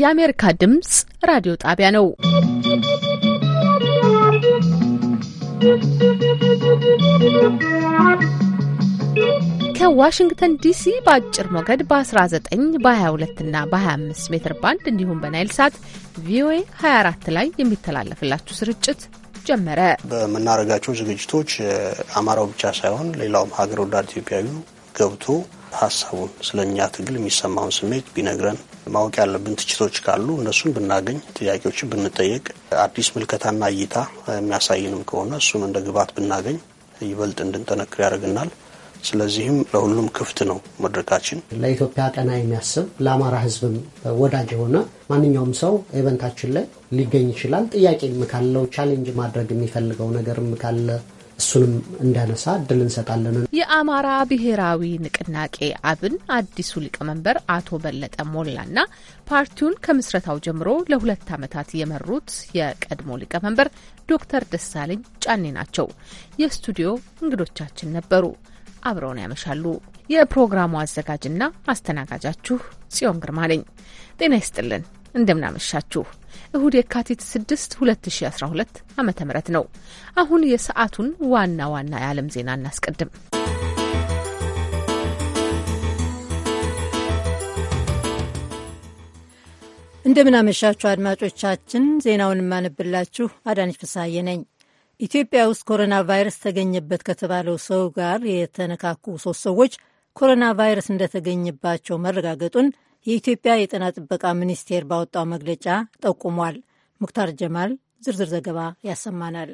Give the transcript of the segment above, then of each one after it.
የአሜሪካ ድምጽ ራዲዮ ጣቢያ ነው። ከዋሽንግተን ዲሲ በአጭር ሞገድ በ19 በ22 እና በ25 ሜትር ባንድ እንዲሁም በናይል ሳት ቪኦኤ 24 ላይ የሚተላለፍላችሁ ስርጭት ጀመረ። በምናደርጋቸው ዝግጅቶች አማራው ብቻ ሳይሆን ሌላውም ሀገር ወዳድ ኢትዮጵያዊ ገብቶ ሀሳቡን ስለኛ ትግል የሚሰማውን ስሜት ቢነግረን ማወቅ ያለብን ትችቶች ካሉ እነሱን ብናገኝ፣ ጥያቄዎችን ብንጠየቅ፣ አዲስ ምልከታና እይታ የሚያሳይንም ከሆነ እሱን እንደ ግብዓት ብናገኝ ይበልጥ እንድንጠነክር ያደርገናል። ስለዚህም ለሁሉም ክፍት ነው መድረካችን። ለኢትዮጵያ ቀና የሚያስብ ለአማራ ሕዝብም ወዳጅ የሆነ ማንኛውም ሰው ኤቨንታችን ላይ ሊገኝ ይችላል። ጥያቄም ካለው ቻሌንጅ ማድረግ የሚፈልገው ነገርም ካለ እሱንም እንዳነሳ እድል እንሰጣለን። የአማራ ብሔራዊ ንቅናቄ አብን አዲሱ ሊቀመንበር አቶ በለጠ ሞላና ፓርቲውን ከምስረታው ጀምሮ ለሁለት ዓመታት የመሩት የቀድሞ ሊቀመንበር ዶክተር ደሳለኝ ጫኔ ናቸው። የስቱዲዮ እንግዶቻችን ነበሩ። አብረውን ያመሻሉ። የፕሮግራሙ አዘጋጅና አስተናጋጃችሁ ጽዮን ግርማ ነኝ። ጤና ይስጥልን። እንደምናመሻችሁ እሁድ የካቲት 6 2012 ዓ ም ነው። አሁን የሰዓቱን ዋና ዋና የዓለም ዜና እናስቀድም። እንደምናመሻችሁ አድማጮቻችን፣ ዜናውን የማነብላችሁ አዳነች ፍሳዬ ነኝ። ኢትዮጵያ ውስጥ ኮሮና ቫይረስ ተገኘበት ከተባለው ሰው ጋር የተነካኩ ሶስት ሰዎች ኮሮና ቫይረስ እንደተገኘባቸው መረጋገጡን የኢትዮጵያ የጤና ጥበቃ ሚኒስቴር ባወጣው መግለጫ ጠቁሟል። ሙክታር ጀማል ዝርዝር ዘገባ ያሰማናል።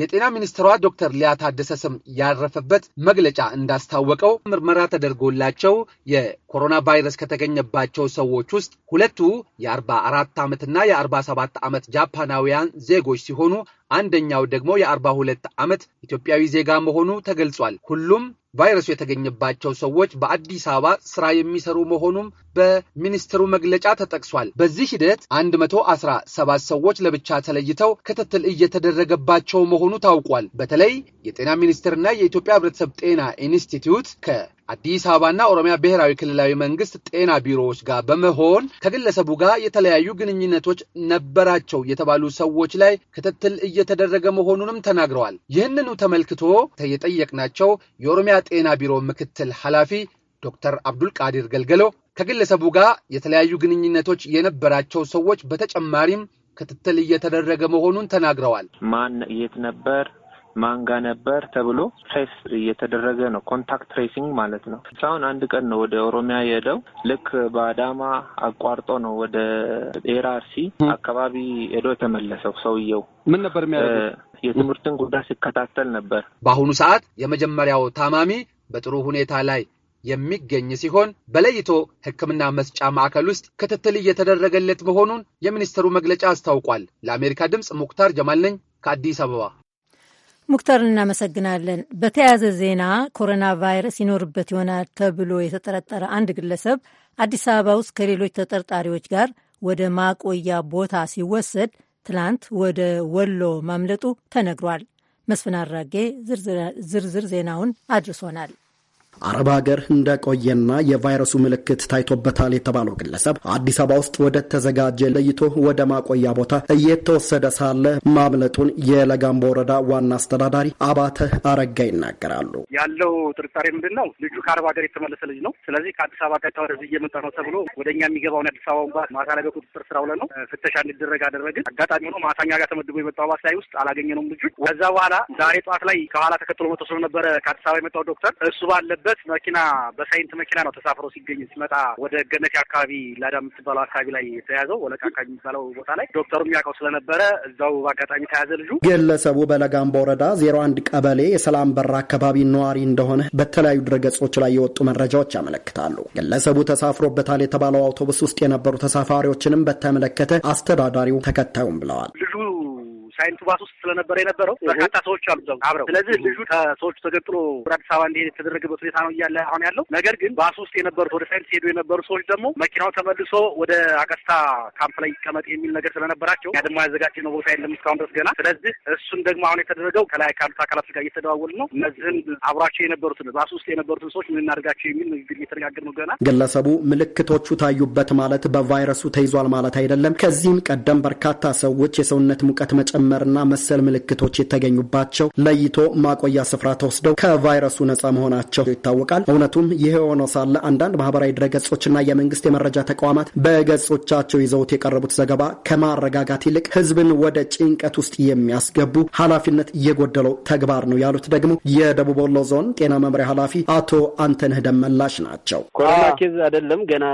የጤና ሚኒስትሯ ዶክተር ሊያ ታደሰ ስም ያረፈበት መግለጫ እንዳስታወቀው ምርመራ ተደርጎላቸው የኮሮና ቫይረስ ከተገኘባቸው ሰዎች ውስጥ ሁለቱ የአርባ 44 ዓመትና የ ሰባት ዓመት ጃፓናውያን ዜጎች ሲሆኑ አንደኛው ደግሞ የ ሁለት ዓመት ኢትዮጵያዊ ዜጋ መሆኑ ተገልጿል። ሁሉም ቫይረሱ የተገኘባቸው ሰዎች በአዲስ አበባ ስራ የሚሰሩ መሆኑም በሚኒስትሩ መግለጫ ተጠቅሷል። በዚህ ሂደት 117 ሰዎች ለብቻ ተለይተው ክትትል እየተደረገባቸው መሆኑ ታውቋል። በተለይ የጤና ሚኒስቴርና የኢትዮጵያ ሕብረተሰብ ጤና ኢንስቲትዩት ከ አዲስ አበባና ኦሮሚያ ብሔራዊ ክልላዊ መንግስት ጤና ቢሮዎች ጋር በመሆን ከግለሰቡ ጋር የተለያዩ ግንኙነቶች ነበራቸው የተባሉ ሰዎች ላይ ክትትል እየተደረገ መሆኑንም ተናግረዋል። ይህንኑ ተመልክቶ የጠየቅናቸው የኦሮሚያ ጤና ቢሮ ምክትል ኃላፊ ዶክተር አብዱል ቃዲር ገልገሎ ከግለሰቡ ጋር የተለያዩ ግንኙነቶች የነበራቸው ሰዎች በተጨማሪም ክትትል እየተደረገ መሆኑን ተናግረዋል። ማን የት ነበር ማንጋ ነበር ተብሎ ትሬስ እየተደረገ ነው። ኮንታክት ትሬሲንግ ማለት ነው። እስካሁን አንድ ቀን ነው ወደ ኦሮሚያ የሄደው። ልክ በአዳማ አቋርጦ ነው ወደ ኤራርሲ አካባቢ ሄዶ የተመለሰው ሰውየው። ምን ነበር የሚያደርገው? የትምህርትን ጉዳይ ሲከታተል ነበር። በአሁኑ ሰዓት የመጀመሪያው ታማሚ በጥሩ ሁኔታ ላይ የሚገኝ ሲሆን በለይቶ ሕክምና መስጫ ማዕከል ውስጥ ክትትል እየተደረገለት መሆኑን የሚኒስትሩ መግለጫ አስታውቋል። ለአሜሪካ ድምፅ ሙክታር ጀማል ነኝ ከአዲስ አበባ። ሙክታር፣ እናመሰግናለን። በተያያዘ ዜና ኮሮና ቫይረስ ይኖርበት ይሆናል ተብሎ የተጠረጠረ አንድ ግለሰብ አዲስ አበባ ውስጥ ከሌሎች ተጠርጣሪዎች ጋር ወደ ማቆያ ቦታ ሲወሰድ ትላንት ወደ ወሎ ማምለጡ ተነግሯል። መስፍን አራጌ ዝርዝር ዜናውን አድርሶናል። አረብ ሀገር እንደቆየና የቫይረሱ ምልክት ታይቶበታል የተባለው ግለሰብ አዲስ አበባ ውስጥ ወደ ተዘጋጀ ለይቶ ወደ ማቆያ ቦታ እየተወሰደ ሳለ ማምለጡን የለጋምቦ ወረዳ ዋና አስተዳዳሪ አባተ አረጋ ይናገራሉ። ያለው ጥርጣሬ ምንድን ነው? ልጁ ከአረብ ሀገር የተመለሰ ልጅ ነው። ስለዚህ ከአዲስ አበባ ቀጥታ ወደዚህ እየመጣ ነው ተብሎ ወደ እኛ የሚገባውን የአዲስ አበባ ባስ ማታ ላይ በቁጥጥር ስራ አውለን ነው ፍተሻ እንዲደረግ አደረግን። አጋጣሚ ሆኖ ማታኛ ጋር ተመድቦ የመጣው ባስ ላይ ውስጥ አላገኘነውም ልጁ። ከዛ በኋላ ዛሬ ጠዋት ላይ ከኋላ ተከትሎ መጥቶ ስለነበረ ከአዲስ አበባ የመጣው ዶክተር እሱ ባለ ያለበት መኪና በሳይንት መኪና ነው ተሳፍሮ ሲገኝ ሲመጣ ወደ ገነቴ አካባቢ ላዳ የምትባለው አካባቢ ላይ የተያዘው ወለቃ አካባቢ የሚባለው ቦታ ላይ ዶክተሩ የሚያውቀው ስለነበረ እዛው በአጋጣሚ ተያዘ ልጁ። ግለሰቡ በለጋምባ ወረዳ ዜሮ አንድ ቀበሌ የሰላም በር አካባቢ ነዋሪ እንደሆነ በተለያዩ ድረገጾች ላይ የወጡ መረጃዎች ያመለክታሉ። ግለሰቡ ተሳፍሮበታል የተባለው አውቶቡስ ውስጥ የነበሩ ተሳፋሪዎችንም በተመለከተ አስተዳዳሪው ተከታዩም ብለዋል ልጁ ሳይንቱ ባስ ውስጥ ስለነበረ የነበረው በርካታ ሰዎች አሉ እዛው አብረው። ስለዚህ ልጁ ከሰዎቹ ተገጥሎ ወደ አዲስ አበባ እንዲሄድ የተደረገበት ሁኔታ ነው እያለ አሁን ያለው ነገር ግን ባስ ውስጥ የነበሩት ወደ ሳይንት ሲሄዱ የነበሩ ሰዎች ደግሞ መኪናው ተመልሶ ወደ አገስታ ካምፕ ላይ ይቀመጥ የሚል ነገር ስለነበራቸው ያ ደግሞ ያዘጋጀነው ቦታ የለም እስካሁን ድረስ ገና። ስለዚህ እሱን ደግሞ አሁን የተደረገው ከላይ ካሉት አካላት ጋር እየተደዋወሉ ነው። እነዚህን አብሯቸው የነበሩትን ባስ ውስጥ የነበሩትን ሰዎች ምን እናደርጋቸው የሚል ንግግር እየተነጋገር ነው ገና። ግለሰቡ ምልክቶቹ ታዩበት ማለት በቫይረሱ ተይዟል ማለት አይደለም። ከዚህም ቀደም በርካታ ሰዎች የሰውነት ሙቀት መጨመ ጭምርና መሰል ምልክቶች የተገኙባቸው ለይቶ ማቆያ ስፍራ ተወስደው ከቫይረሱ ነጻ መሆናቸው ይታወቃል። እውነቱም ይህ ሆኖ ሳለ አንዳንድ ማህበራዊ ድረገጾችና የመንግስት የመረጃ ተቋማት በገጾቻቸው ይዘውት የቀረቡት ዘገባ ከማረጋጋት ይልቅ ህዝብን ወደ ጭንቀት ውስጥ የሚያስገቡ ኃላፊነት የጎደለው ተግባር ነው ያሉት ደግሞ የደቡብ ወሎ ዞን ጤና መምሪያ ኃላፊ አቶ አንተነህ ደመላሽ ናቸው። ኮሮና ኬዝ አይደለም፣ ገና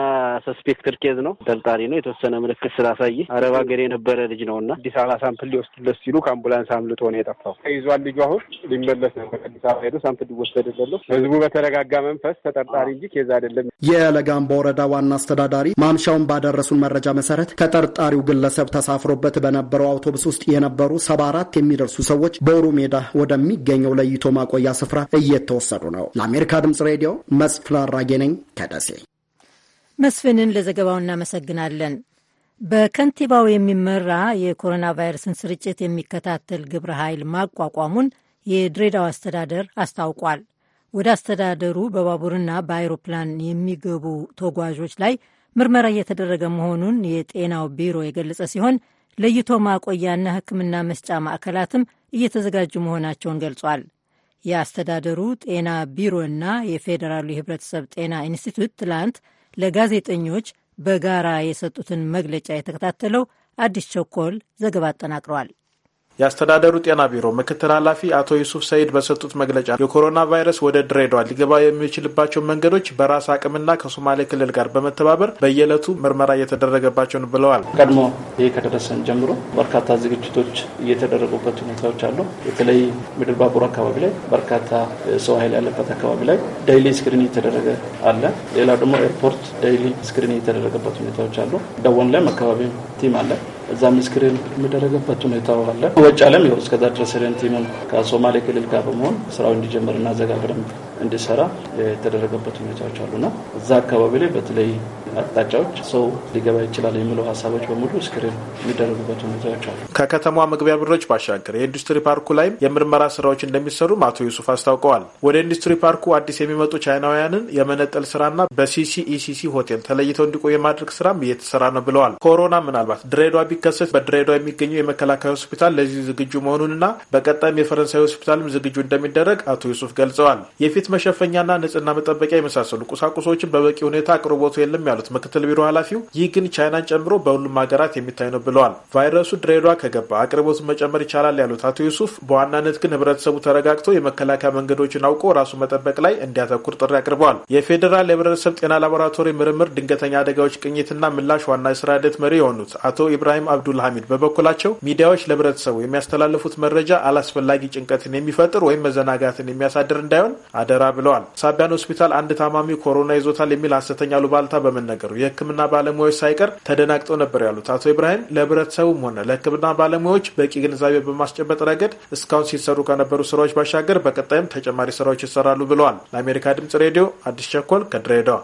ሰስፔክትር ኬዝ ነው። ጠርጣሪ ነው የተወሰነ ምልክት ስላሳየ አረብ ሀገር የነበረ ልጅ ነው እና አዲስ አበባ ሳምፕል ሊወስድ ለስ ሲሉ ከአምቡላንስ አምልጦ ነው የጠፋው። ተይዟል። ልጁ አሁን ሊመለስ ነው። ከአዲስ አበባ ሄዶ ሳምፕል ሊወሰድለሁ። ህዝቡ በተረጋጋ መንፈስ ተጠርጣሪ እንጂ ኬዝ አይደለም። የለጋምባ ወረዳ ዋና አስተዳዳሪ ማምሻውን ባደረሱን መረጃ መሰረት ተጠርጣሪው ግለሰብ ተሳፍሮበት በነበረው አውቶቡስ ውስጥ የነበሩ ሰባ አራት የሚደርሱ ሰዎች በወሩ ሜዳ ወደሚገኘው ለይቶ ማቆያ ስፍራ እየተወሰዱ ነው። ለአሜሪካ ድምጽ ሬዲዮ መስፍን አራጌ ነኝ ከደሴ። መስፍንን ለዘገባው እናመሰግናለን። በከንቲባው የሚመራ የኮሮና ቫይረስን ስርጭት የሚከታተል ግብረ ኃይል ማቋቋሙን የድሬዳዋ አስተዳደር አስታውቋል። ወደ አስተዳደሩ በባቡርና በአይሮፕላን የሚገቡ ተጓዦች ላይ ምርመራ እየተደረገ መሆኑን የጤናው ቢሮ የገለጸ ሲሆን ለይቶ ማቆያና ሕክምና መስጫ ማዕከላትም እየተዘጋጁ መሆናቸውን ገልጿል። የአስተዳደሩ ጤና ቢሮና የፌዴራሉ ህብረተሰብ ጤና ኢንስቲትዩት ትላንት ለጋዜጠኞች በጋራ የሰጡትን መግለጫ የተከታተለው አዲስ ቸኮል ዘገባ አጠናቅሯል። የአስተዳደሩ ጤና ቢሮ ምክትል ኃላፊ አቶ ዩሱፍ ሰይድ በሰጡት መግለጫ የኮሮና ቫይረስ ወደ ድሬዳዋ ሊገባ የሚችልባቸው መንገዶች በራስ አቅምና ከሶማሌ ክልል ጋር በመተባበር በየዕለቱ ምርመራ እየተደረገባቸው ነው ብለዋል። ቀድሞ ይህ ከደረሰን ጀምሮ በርካታ ዝግጅቶች እየተደረጉበት ሁኔታዎች አሉ። በተለይ ምድር ባቡር አካባቢ ላይ በርካታ ሰው ኃይል ያለበት አካባቢ ላይ ዳይሊ ስክሪን እየተደረገ አለ። ሌላ ደግሞ ኤርፖርት ዳይሊ ስክሪን እየተደረገበት ሁኔታዎች አሉ። ደወን ላይም አካባቢ ቲም አለ። እዛ ምስክርን የሚደረግበት ሁኔታ አለ። ወጭ አለም እስከዛ ድረስ ሬንቲምን ከሶማሌ ክልል ጋር በመሆን ስራው እንዲጀምር እናዘጋግረም እንዲሰራ የተደረገበት ሁኔታዎች አሉና እዛ አካባቢ ላይ በተለይ አቅጣጫዎች ሰው ሊገባ ይችላል የሚለው ሀሳቦች በሙሉ ስክሪን የሚደረጉበት ሁኔታዎች አሉ። ከከተማዋ መግቢያ ብሮች ባሻገር የኢንዱስትሪ ፓርኩ ላይም የምርመራ ስራዎች እንደሚሰሩም አቶ ዩሱፍ አስታውቀዋል። ወደ ኢንዱስትሪ ፓርኩ አዲስ የሚመጡ ቻይናውያንን የመነጠል ስራና በሲሲኢሲሲ ሆቴል ተለይተው እንዲቆዩ የማድረግ ስራም እየተሰራ ነው ብለዋል። ኮሮና ምናልባት ድሬዷ ቢከሰት በድሬዳዋ የሚገኘው የመከላከያ ሆስፒታል ለዚህ ዝግጁ መሆኑንና በቀጣይም የፈረንሳይ ሆስፒታልም ዝግጁ እንደሚደረግ አቶ ዩሱፍ ገልጸዋል። የፊት መሸፈኛና ንጽህና መጠበቂያ የመሳሰሉ ቁሳቁሶችን በበቂ ሁኔታ አቅርቦቱ የለም ያሉት ምክትል ቢሮ ኃላፊው፣ ይህ ግን ቻይናን ጨምሮ በሁሉም ሀገራት የሚታይ ነው ብለዋል። ቫይረሱ ድሬዳዋ ከገባ አቅርቦቱን መጨመር ይቻላል ያሉት አቶ ዩሱፍ በዋናነት ግን ህብረተሰቡ ተረጋግቶ የመከላከያ መንገዶችን አውቆ ራሱ መጠበቅ ላይ እንዲያተኩር ጥሪ አቅርበዋል። የፌዴራል የህብረተሰብ ጤና ላቦራቶሪ ምርምር ድንገተኛ አደጋዎች ቅኝትና ምላሽ ዋና የስራ ሂደት መሪ የሆኑት አቶ ኢብራሂም አብዱል ሐሚድ በበኩላቸው ሚዲያዎች ለህብረተሰቡ የሚያስተላልፉት መረጃ አላስፈላጊ ጭንቀትን የሚፈጥር ወይም መዘናጋትን የሚያሳድር እንዳይሆን አደ ምርመራ ብለዋል። ሳቢያን ሆስፒታል አንድ ታማሚ ኮሮና ይዞታል የሚል ሀሰተኛ ሉባልታ በመነገሩ የሕክምና ባለሙያዎች ሳይቀር ተደናግጠው ነበር ያሉት አቶ ኢብራሂም ለህብረተሰቡም ሆነ ለሕክምና ባለሙያዎች በቂ ግንዛቤ በማስጨበጥ ረገድ እስካሁን ሲሰሩ ከነበሩ ስራዎች ባሻገር በቀጣይም ተጨማሪ ስራዎች ይሰራሉ ብለዋል። ለአሜሪካ ድምጽ ሬዲዮ አዲስ ቸኮል ከድሬዳዋ።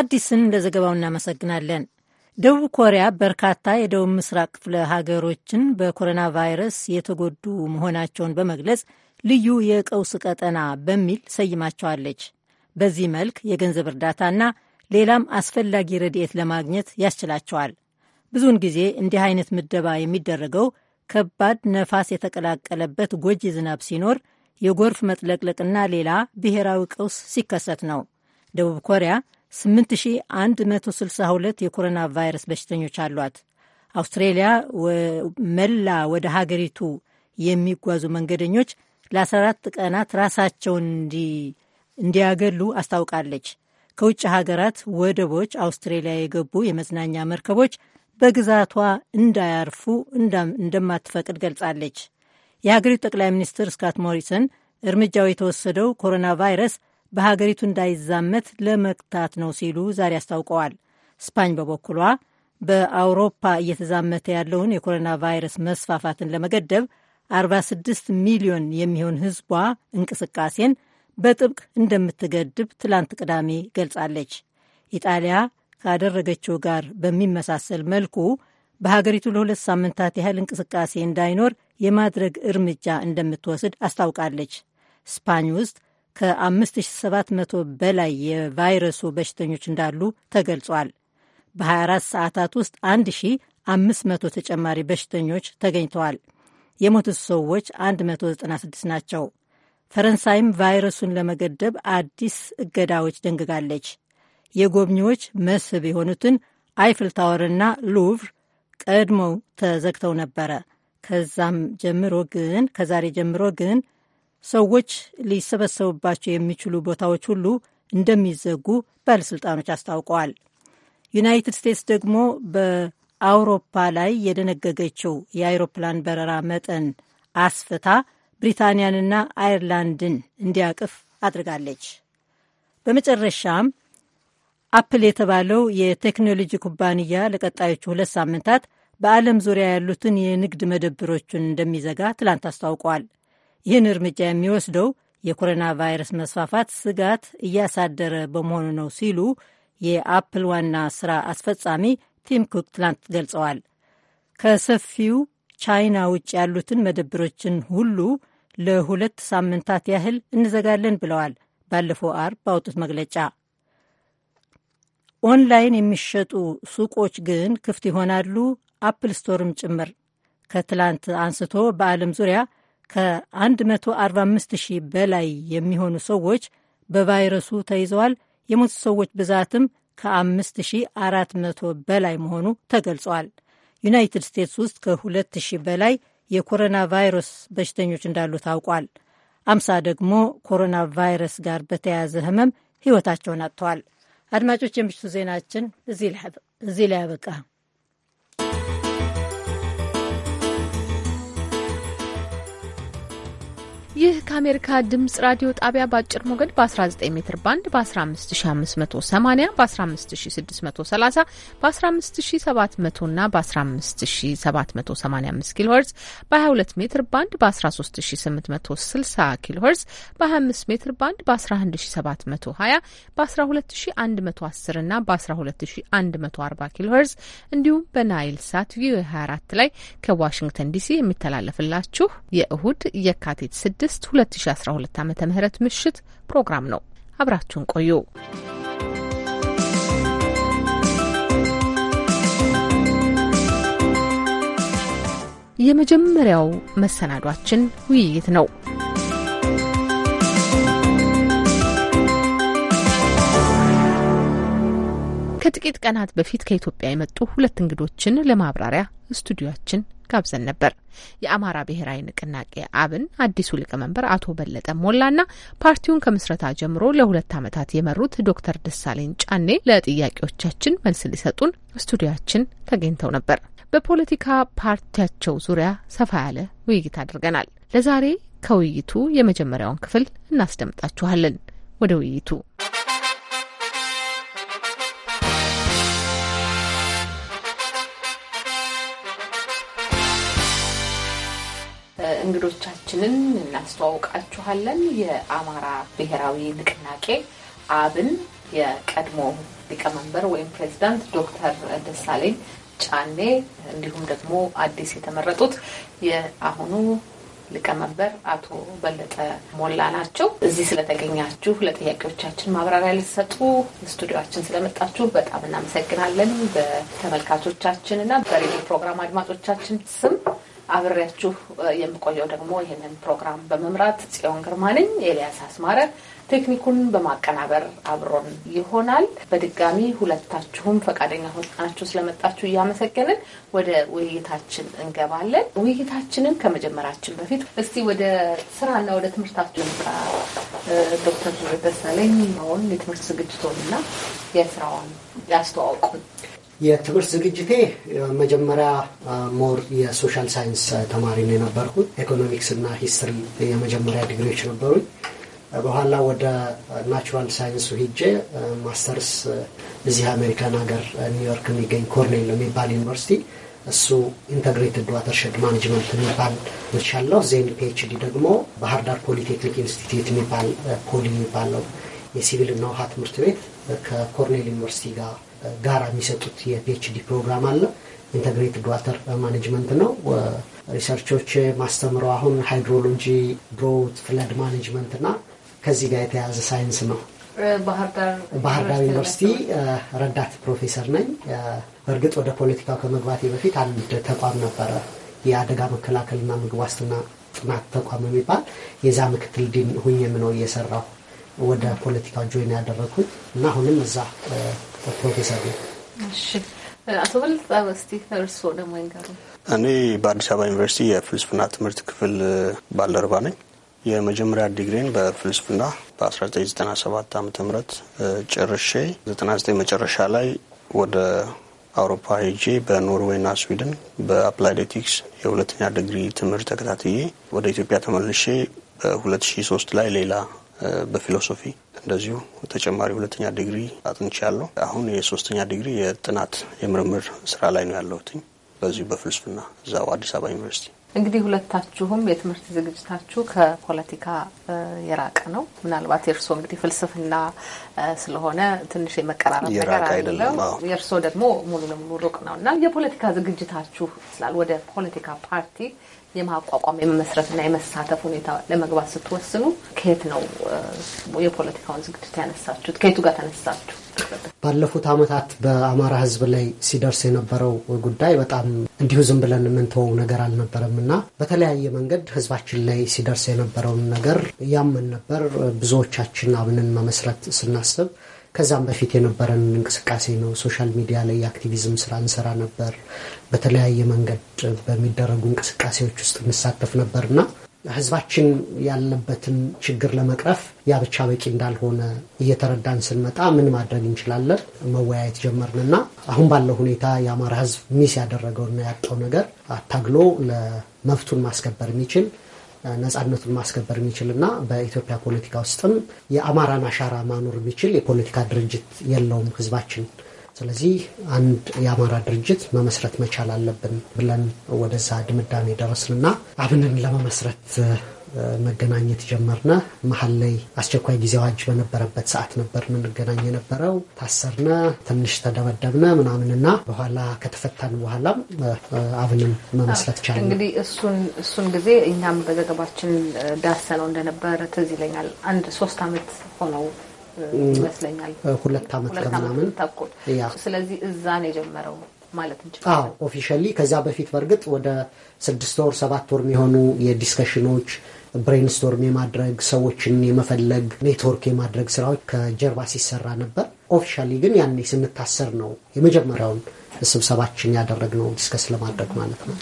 አዲስን ለዘገባው እናመሰግናለን። ደቡብ ኮሪያ በርካታ የደቡብ ምስራቅ ክፍለ ሀገሮችን በኮሮና ቫይረስ የተጎዱ መሆናቸውን በመግለጽ ልዩ የቀውስ ቀጠና በሚል ሰይማቸዋለች። በዚህ መልክ የገንዘብ እርዳታና ሌላም አስፈላጊ ረድኤት ለማግኘት ያስችላቸዋል። ብዙውን ጊዜ እንዲህ አይነት ምደባ የሚደረገው ከባድ ነፋስ የተቀላቀለበት ጎጂ ዝናብ ሲኖር፣ የጎርፍ መጥለቅለቅና ሌላ ብሔራዊ ቀውስ ሲከሰት ነው። ደቡብ ኮሪያ 8162 የኮሮና ቫይረስ በሽተኞች አሏት። አውስትሬሊያ መላ ወደ ሀገሪቱ የሚጓዙ መንገደኞች ለ14 ቀናት ራሳቸውን እንዲያገሉ አስታውቃለች። ከውጭ ሀገራት ወደቦች አውስትሬሊያ የገቡ የመዝናኛ መርከቦች በግዛቷ እንዳያርፉ እንደማትፈቅድ ገልጻለች። የሀገሪቱ ጠቅላይ ሚኒስትር ስካት ሞሪሰን እርምጃው የተወሰደው ኮሮና ቫይረስ በሀገሪቱ እንዳይዛመት ለመግታት ነው ሲሉ ዛሬ አስታውቀዋል። ስፓኝ በበኩሏ በአውሮፓ እየተዛመተ ያለውን የኮሮና ቫይረስ መስፋፋትን ለመገደብ 46 ሚሊዮን የሚሆን ህዝቧ እንቅስቃሴን በጥብቅ እንደምትገድብ ትላንት ቅዳሜ ገልጻለች። ኢጣሊያ ካደረገችው ጋር በሚመሳሰል መልኩ በሀገሪቱ ለሁለት ሳምንታት ያህል እንቅስቃሴ እንዳይኖር የማድረግ እርምጃ እንደምትወስድ አስታውቃለች። ስፓኝ ውስጥ ከ5700 በላይ የቫይረሱ በሽተኞች እንዳሉ ተገልጿል። በ24 ሰዓታት ውስጥ 1500 ተጨማሪ በሽተኞች ተገኝተዋል። የሞቱት ሰዎች 196 ናቸው። ፈረንሳይም ቫይረሱን ለመገደብ አዲስ እገዳዎች ደንግጋለች። የጎብኚዎች መስህብ የሆኑትን አይፍል ታወርና ሉቭር ቀድሞው ተዘግተው ነበረ። ከዛም ጀምሮ ግን ከዛሬ ጀምሮ ግን ሰዎች ሊሰበሰቡባቸው የሚችሉ ቦታዎች ሁሉ እንደሚዘጉ ባለሥልጣኖች አስታውቀዋል። ዩናይትድ ስቴትስ ደግሞ በ አውሮፓ ላይ የደነገገችው የአውሮፕላን በረራ መጠን አስፍታ ብሪታንያንና አይርላንድን እንዲያቅፍ አድርጋለች። በመጨረሻም አፕል የተባለው የቴክኖሎጂ ኩባንያ ለቀጣዮቹ ሁለት ሳምንታት በዓለም ዙሪያ ያሉትን የንግድ መደብሮቹን እንደሚዘጋ ትላንት አስታውቋል። ይህን እርምጃ የሚወስደው የኮሮና ቫይረስ መስፋፋት ስጋት እያሳደረ በመሆኑ ነው ሲሉ የአፕል ዋና ስራ አስፈጻሚ ቲም ኩክ ትላንት ገልጸዋል። ከሰፊው ቻይና ውጭ ያሉትን መደብሮችን ሁሉ ለሁለት ሳምንታት ያህል እንዘጋለን ብለዋል። ባለፈው አርብ ባወጡት መግለጫ ኦንላይን የሚሸጡ ሱቆች ግን ክፍት ይሆናሉ፣ አፕል ስቶርም ጭምር። ከትላንት አንስቶ በዓለም ዙሪያ ከ145 ሺህ በላይ የሚሆኑ ሰዎች በቫይረሱ ተይዘዋል። የሞቱ ሰዎች ብዛትም ከ5400 በላይ መሆኑ ተገልጿል። ዩናይትድ ስቴትስ ውስጥ ከ2000 በላይ የኮሮና ቫይረስ በሽተኞች እንዳሉ ታውቋል። አምሳ ደግሞ ኮሮና ቫይረስ ጋር በተያያዘ ህመም ህይወታቸውን አጥተዋል። አድማጮች፣ የምሽቱ ዜናችን እዚህ ላይ አበቃ። ይህ ከአሜሪካ ድምጽ ራዲዮ ጣቢያ በአጭር ሞገድ በ19 ሜትር ባንድ በ15580 በ15630 በ15700 እና በ15785 ኪሎ ሄርዝ በ22 ሜትር ባንድ በ13860 ኪሎ ሄርዝ በ25 ሜትር ባንድ በ11720 በ12110 እና በ12140 ኪሎ ሄርዝ እንዲሁም በናይል ሳት ቪ 24 ላይ ከዋሽንግተን ዲሲ የሚተላለፍላችሁ የእሁድ የካቲት ስድስት 6 2012 ዓ ም ምሽት ፕሮግራም ነው። አብራችሁን ቆዩ። የመጀመሪያው መሰናዷችን ውይይት ነው። ከጥቂት ቀናት በፊት ከኢትዮጵያ የመጡ ሁለት እንግዶችን ለማብራሪያ ስቱዲዮችን ጋብዘን ነበር። የአማራ ብሔራዊ ንቅናቄ አብን አዲሱ ሊቀመንበር አቶ በለጠ ሞላና ፓርቲውን ከምስረታ ጀምሮ ለሁለት ዓመታት የመሩት ዶክተር ደሳለኝ ጫኔ ለጥያቄዎቻችን መልስ ሊሰጡን ስቱዲያችን ተገኝተው ነበር። በፖለቲካ ፓርቲያቸው ዙሪያ ሰፋ ያለ ውይይት አድርገናል። ለዛሬ ከውይይቱ የመጀመሪያውን ክፍል እናስደምጣችኋለን። ወደ ውይይቱ እንግዶቻችንን እናስተዋውቃችኋለን። የአማራ ብሔራዊ ንቅናቄ አብን የቀድሞ ሊቀመንበር ወይም ፕሬዚዳንት ዶክተር ደሳለኝ ጫኔ እንዲሁም ደግሞ አዲስ የተመረጡት የአሁኑ ሊቀመንበር አቶ በለጠ ሞላ ናቸው። እዚህ ስለተገኛችሁ ለጥያቄዎቻችን ማብራሪያ ልትሰጡ ስቱዲዮችን ስለመጣችሁ በጣም እናመሰግናለን። በተመልካቾቻችን እና በሬዲዮ ፕሮግራም አድማጮቻችን ስም አብሬያችሁ የምቆየው ደግሞ ይህንን ፕሮግራም በመምራት ጽዮን ግርማ ነኝ። ኤልያስ አስማረ ቴክኒኩን በማቀናበር አብሮን ይሆናል። በድጋሚ ሁለታችሁም ፈቃደኛ ሆናችሁ ስለመጣችሁ እያመሰገንን ወደ ውይይታችን እንገባለን። ውይይታችንን ከመጀመራችን በፊት እስቲ ወደ ስራና ወደ ትምህርታችሁ ዶክተር ደሳለኝ አሁን የትምህርት ዝግጅቶንና የስራውን ያስተዋውቁን። የትምህርት ዝግጅቴ መጀመሪያ ሞር የሶሻል ሳይንስ ተማሪ ነው የነበርኩት። ኢኮኖሚክስ እና ሂስትሪ የመጀመሪያ ዲግሪዎች ነበሩኝ። በኋላ ወደ ናቹራል ሳይንሱ ሂጄ ማስተርስ እዚህ አሜሪካን ሀገር ኒውዮርክ የሚገኝ ኮርኔል የሚባል ዩኒቨርሲቲ እሱ ኢንተግሬትድ ዋተርሸድ ማኔጅመንት የሚባል ልቻለሁ። ዜን ፒኤችዲ ደግሞ ባህርዳር ፖሊቴክኒክ ኢንስቲትዩት የሚባል ፖሊ የሚባለው የሲቪልና ውሃ ትምህርት ቤት ከኮርኔል ዩኒቨርሲቲ ጋር ጋር የሚሰጡት የፒኤችዲ ፕሮግራም አለ። ኢንተግሬትድ ዋተር ማኔጅመንት ነው። ሪሰርቾች ማስተምረው አሁን ሃይድሮሎጂ፣ ድሮውት፣ ፍለድ ማኔጅመንት እና ከዚህ ጋር የተያያዘ ሳይንስ ነው። ባህር ዳር ዩኒቨርሲቲ ረዳት ፕሮፌሰር ነኝ። በእርግጥ ወደ ፖለቲካው ከመግባቴ በፊት አንድ ተቋም ነበረ፣ የአደጋ መከላከልና ምግብ ዋስትና ጥናት ተቋም የሚባል የዛ ምክትል ዲን ሁኜም ነው እየሰራሁ ወደ ፖለቲካው ጆይን ያደረግኩት እና አሁንም እዛ ፕሮፌሰር እኔ በአዲስ አበባ ዩኒቨርሲቲ የፍልስፍና ትምህርት ክፍል ባልደረባ ነኝ። የመጀመሪያ ዲግሪን በፍልስፍና በ1997 ዓ ም ጨርሼ 99 መጨረሻ ላይ ወደ አውሮፓ ሄጄ በኖርዌይና ስዊድን በአፕላይድ ኤቲክስ የሁለተኛ ዲግሪ ትምህርት ተከታትዬ ወደ ኢትዮጵያ ተመልሼ በ2003 ላይ ሌላ በፊሎሶፊ እንደዚሁ ተጨማሪ ሁለተኛ ዲግሪ አጥንቻ ያለው አሁን የሶስተኛ ዲግሪ የጥናት የምርምር ስራ ላይ ነው ያለሁትኝ በዚሁ በፍልስፍና እዛው አዲስ አበባ ዩኒቨርሲቲ። እንግዲህ ሁለታችሁም የትምህርት ዝግጅታችሁ ከፖለቲካ የራቀ ነው። ምናልባት የእርስዎ እንግዲህ ፍልስፍና ስለሆነ ትንሽ የመቀራረብ ነገር አለው። የእርስዎ ደግሞ ሙሉ ለሙሉ ሩቅ ነው እና የፖለቲካ ዝግጅታችሁ ስላል ወደ ፖለቲካ ፓርቲ የማቋቋም የመመስረትና የመሳተፍ ሁኔታ ለመግባት ስትወስኑ ከየት ነው የፖለቲካውን ዝግጅት ያነሳችሁት? ከየቱ ጋር ተነሳችሁ? ባለፉት ዓመታት በአማራ ሕዝብ ላይ ሲደርስ የነበረው ጉዳይ በጣም እንዲሁ ዝም ብለን የምንተወው ነገር አልነበረም እና በተለያየ መንገድ ሕዝባችን ላይ ሲደርስ የነበረውን ነገር ያምን ነበር። ብዙዎቻችን አብንን መመስረት ስናስብ ከዛም በፊት የነበረን እንቅስቃሴ ነው። ሶሻል ሚዲያ ላይ የአክቲቪዝም ስራ እንሰራ ነበር። በተለያየ መንገድ በሚደረጉ እንቅስቃሴዎች ውስጥ እንሳተፍ ነበር እና ህዝባችን ያለበትን ችግር ለመቅረፍ ያ ብቻ በቂ እንዳልሆነ እየተረዳን ስንመጣ ምን ማድረግ እንችላለን መወያየት ጀመርንና አሁን ባለው ሁኔታ የአማራ ህዝብ ሚስ ያደረገውና ያጣው ነገር አታግሎ ለመብቱን ማስከበር የሚችል ነጻነቱን ማስከበር የሚችልና በኢትዮጵያ ፖለቲካ ውስጥም የአማራን አሻራ ማኖር የሚችል የፖለቲካ ድርጅት የለውም ህዝባችን። ስለዚህ አንድ የአማራ ድርጅት መመስረት መቻል አለብን ብለን ወደዛ ድምዳሜ ደረስንና አብንን ለመመስረት መገናኘት ጀመርነ። መሀል ላይ አስቸኳይ ጊዜ አዋጅ በነበረበት ሰዓት ነበር የምንገናኝ የነበረው። ታሰርነ፣ ትንሽ ተደበደብነ ምናምንና በኋላ ከተፈታን በኋላም አብንም መመስረት ቻለ። እንግዲህ እሱን ጊዜ እኛም በዘገባችን ዳሰነው እንደነበረ ትዝ ይለኛል። አንድ ሶስት አመት ሆነው ይመስለኛል፣ ሁለት አመት ከምናምን ስለዚህ እዛ ነው የጀመረው ማለት እንችላለን። ኦፊሻሊ ከዛ በፊት በእርግጥ ወደ ስድስት ወር ሰባት ወር የሚሆኑ የዲስከሽኖች ብሬንስቶርም የማድረግ ሰዎችን የመፈለግ ኔትወርክ የማድረግ ስራዎች ከጀርባ ሲሰራ ነበር። ኦፊሻሊ ግን ያኔ ስንታሰር ነው የመጀመሪያውን ስብሰባችን ያደረግነው ዲስከስ ለማድረግ ማለት ነው።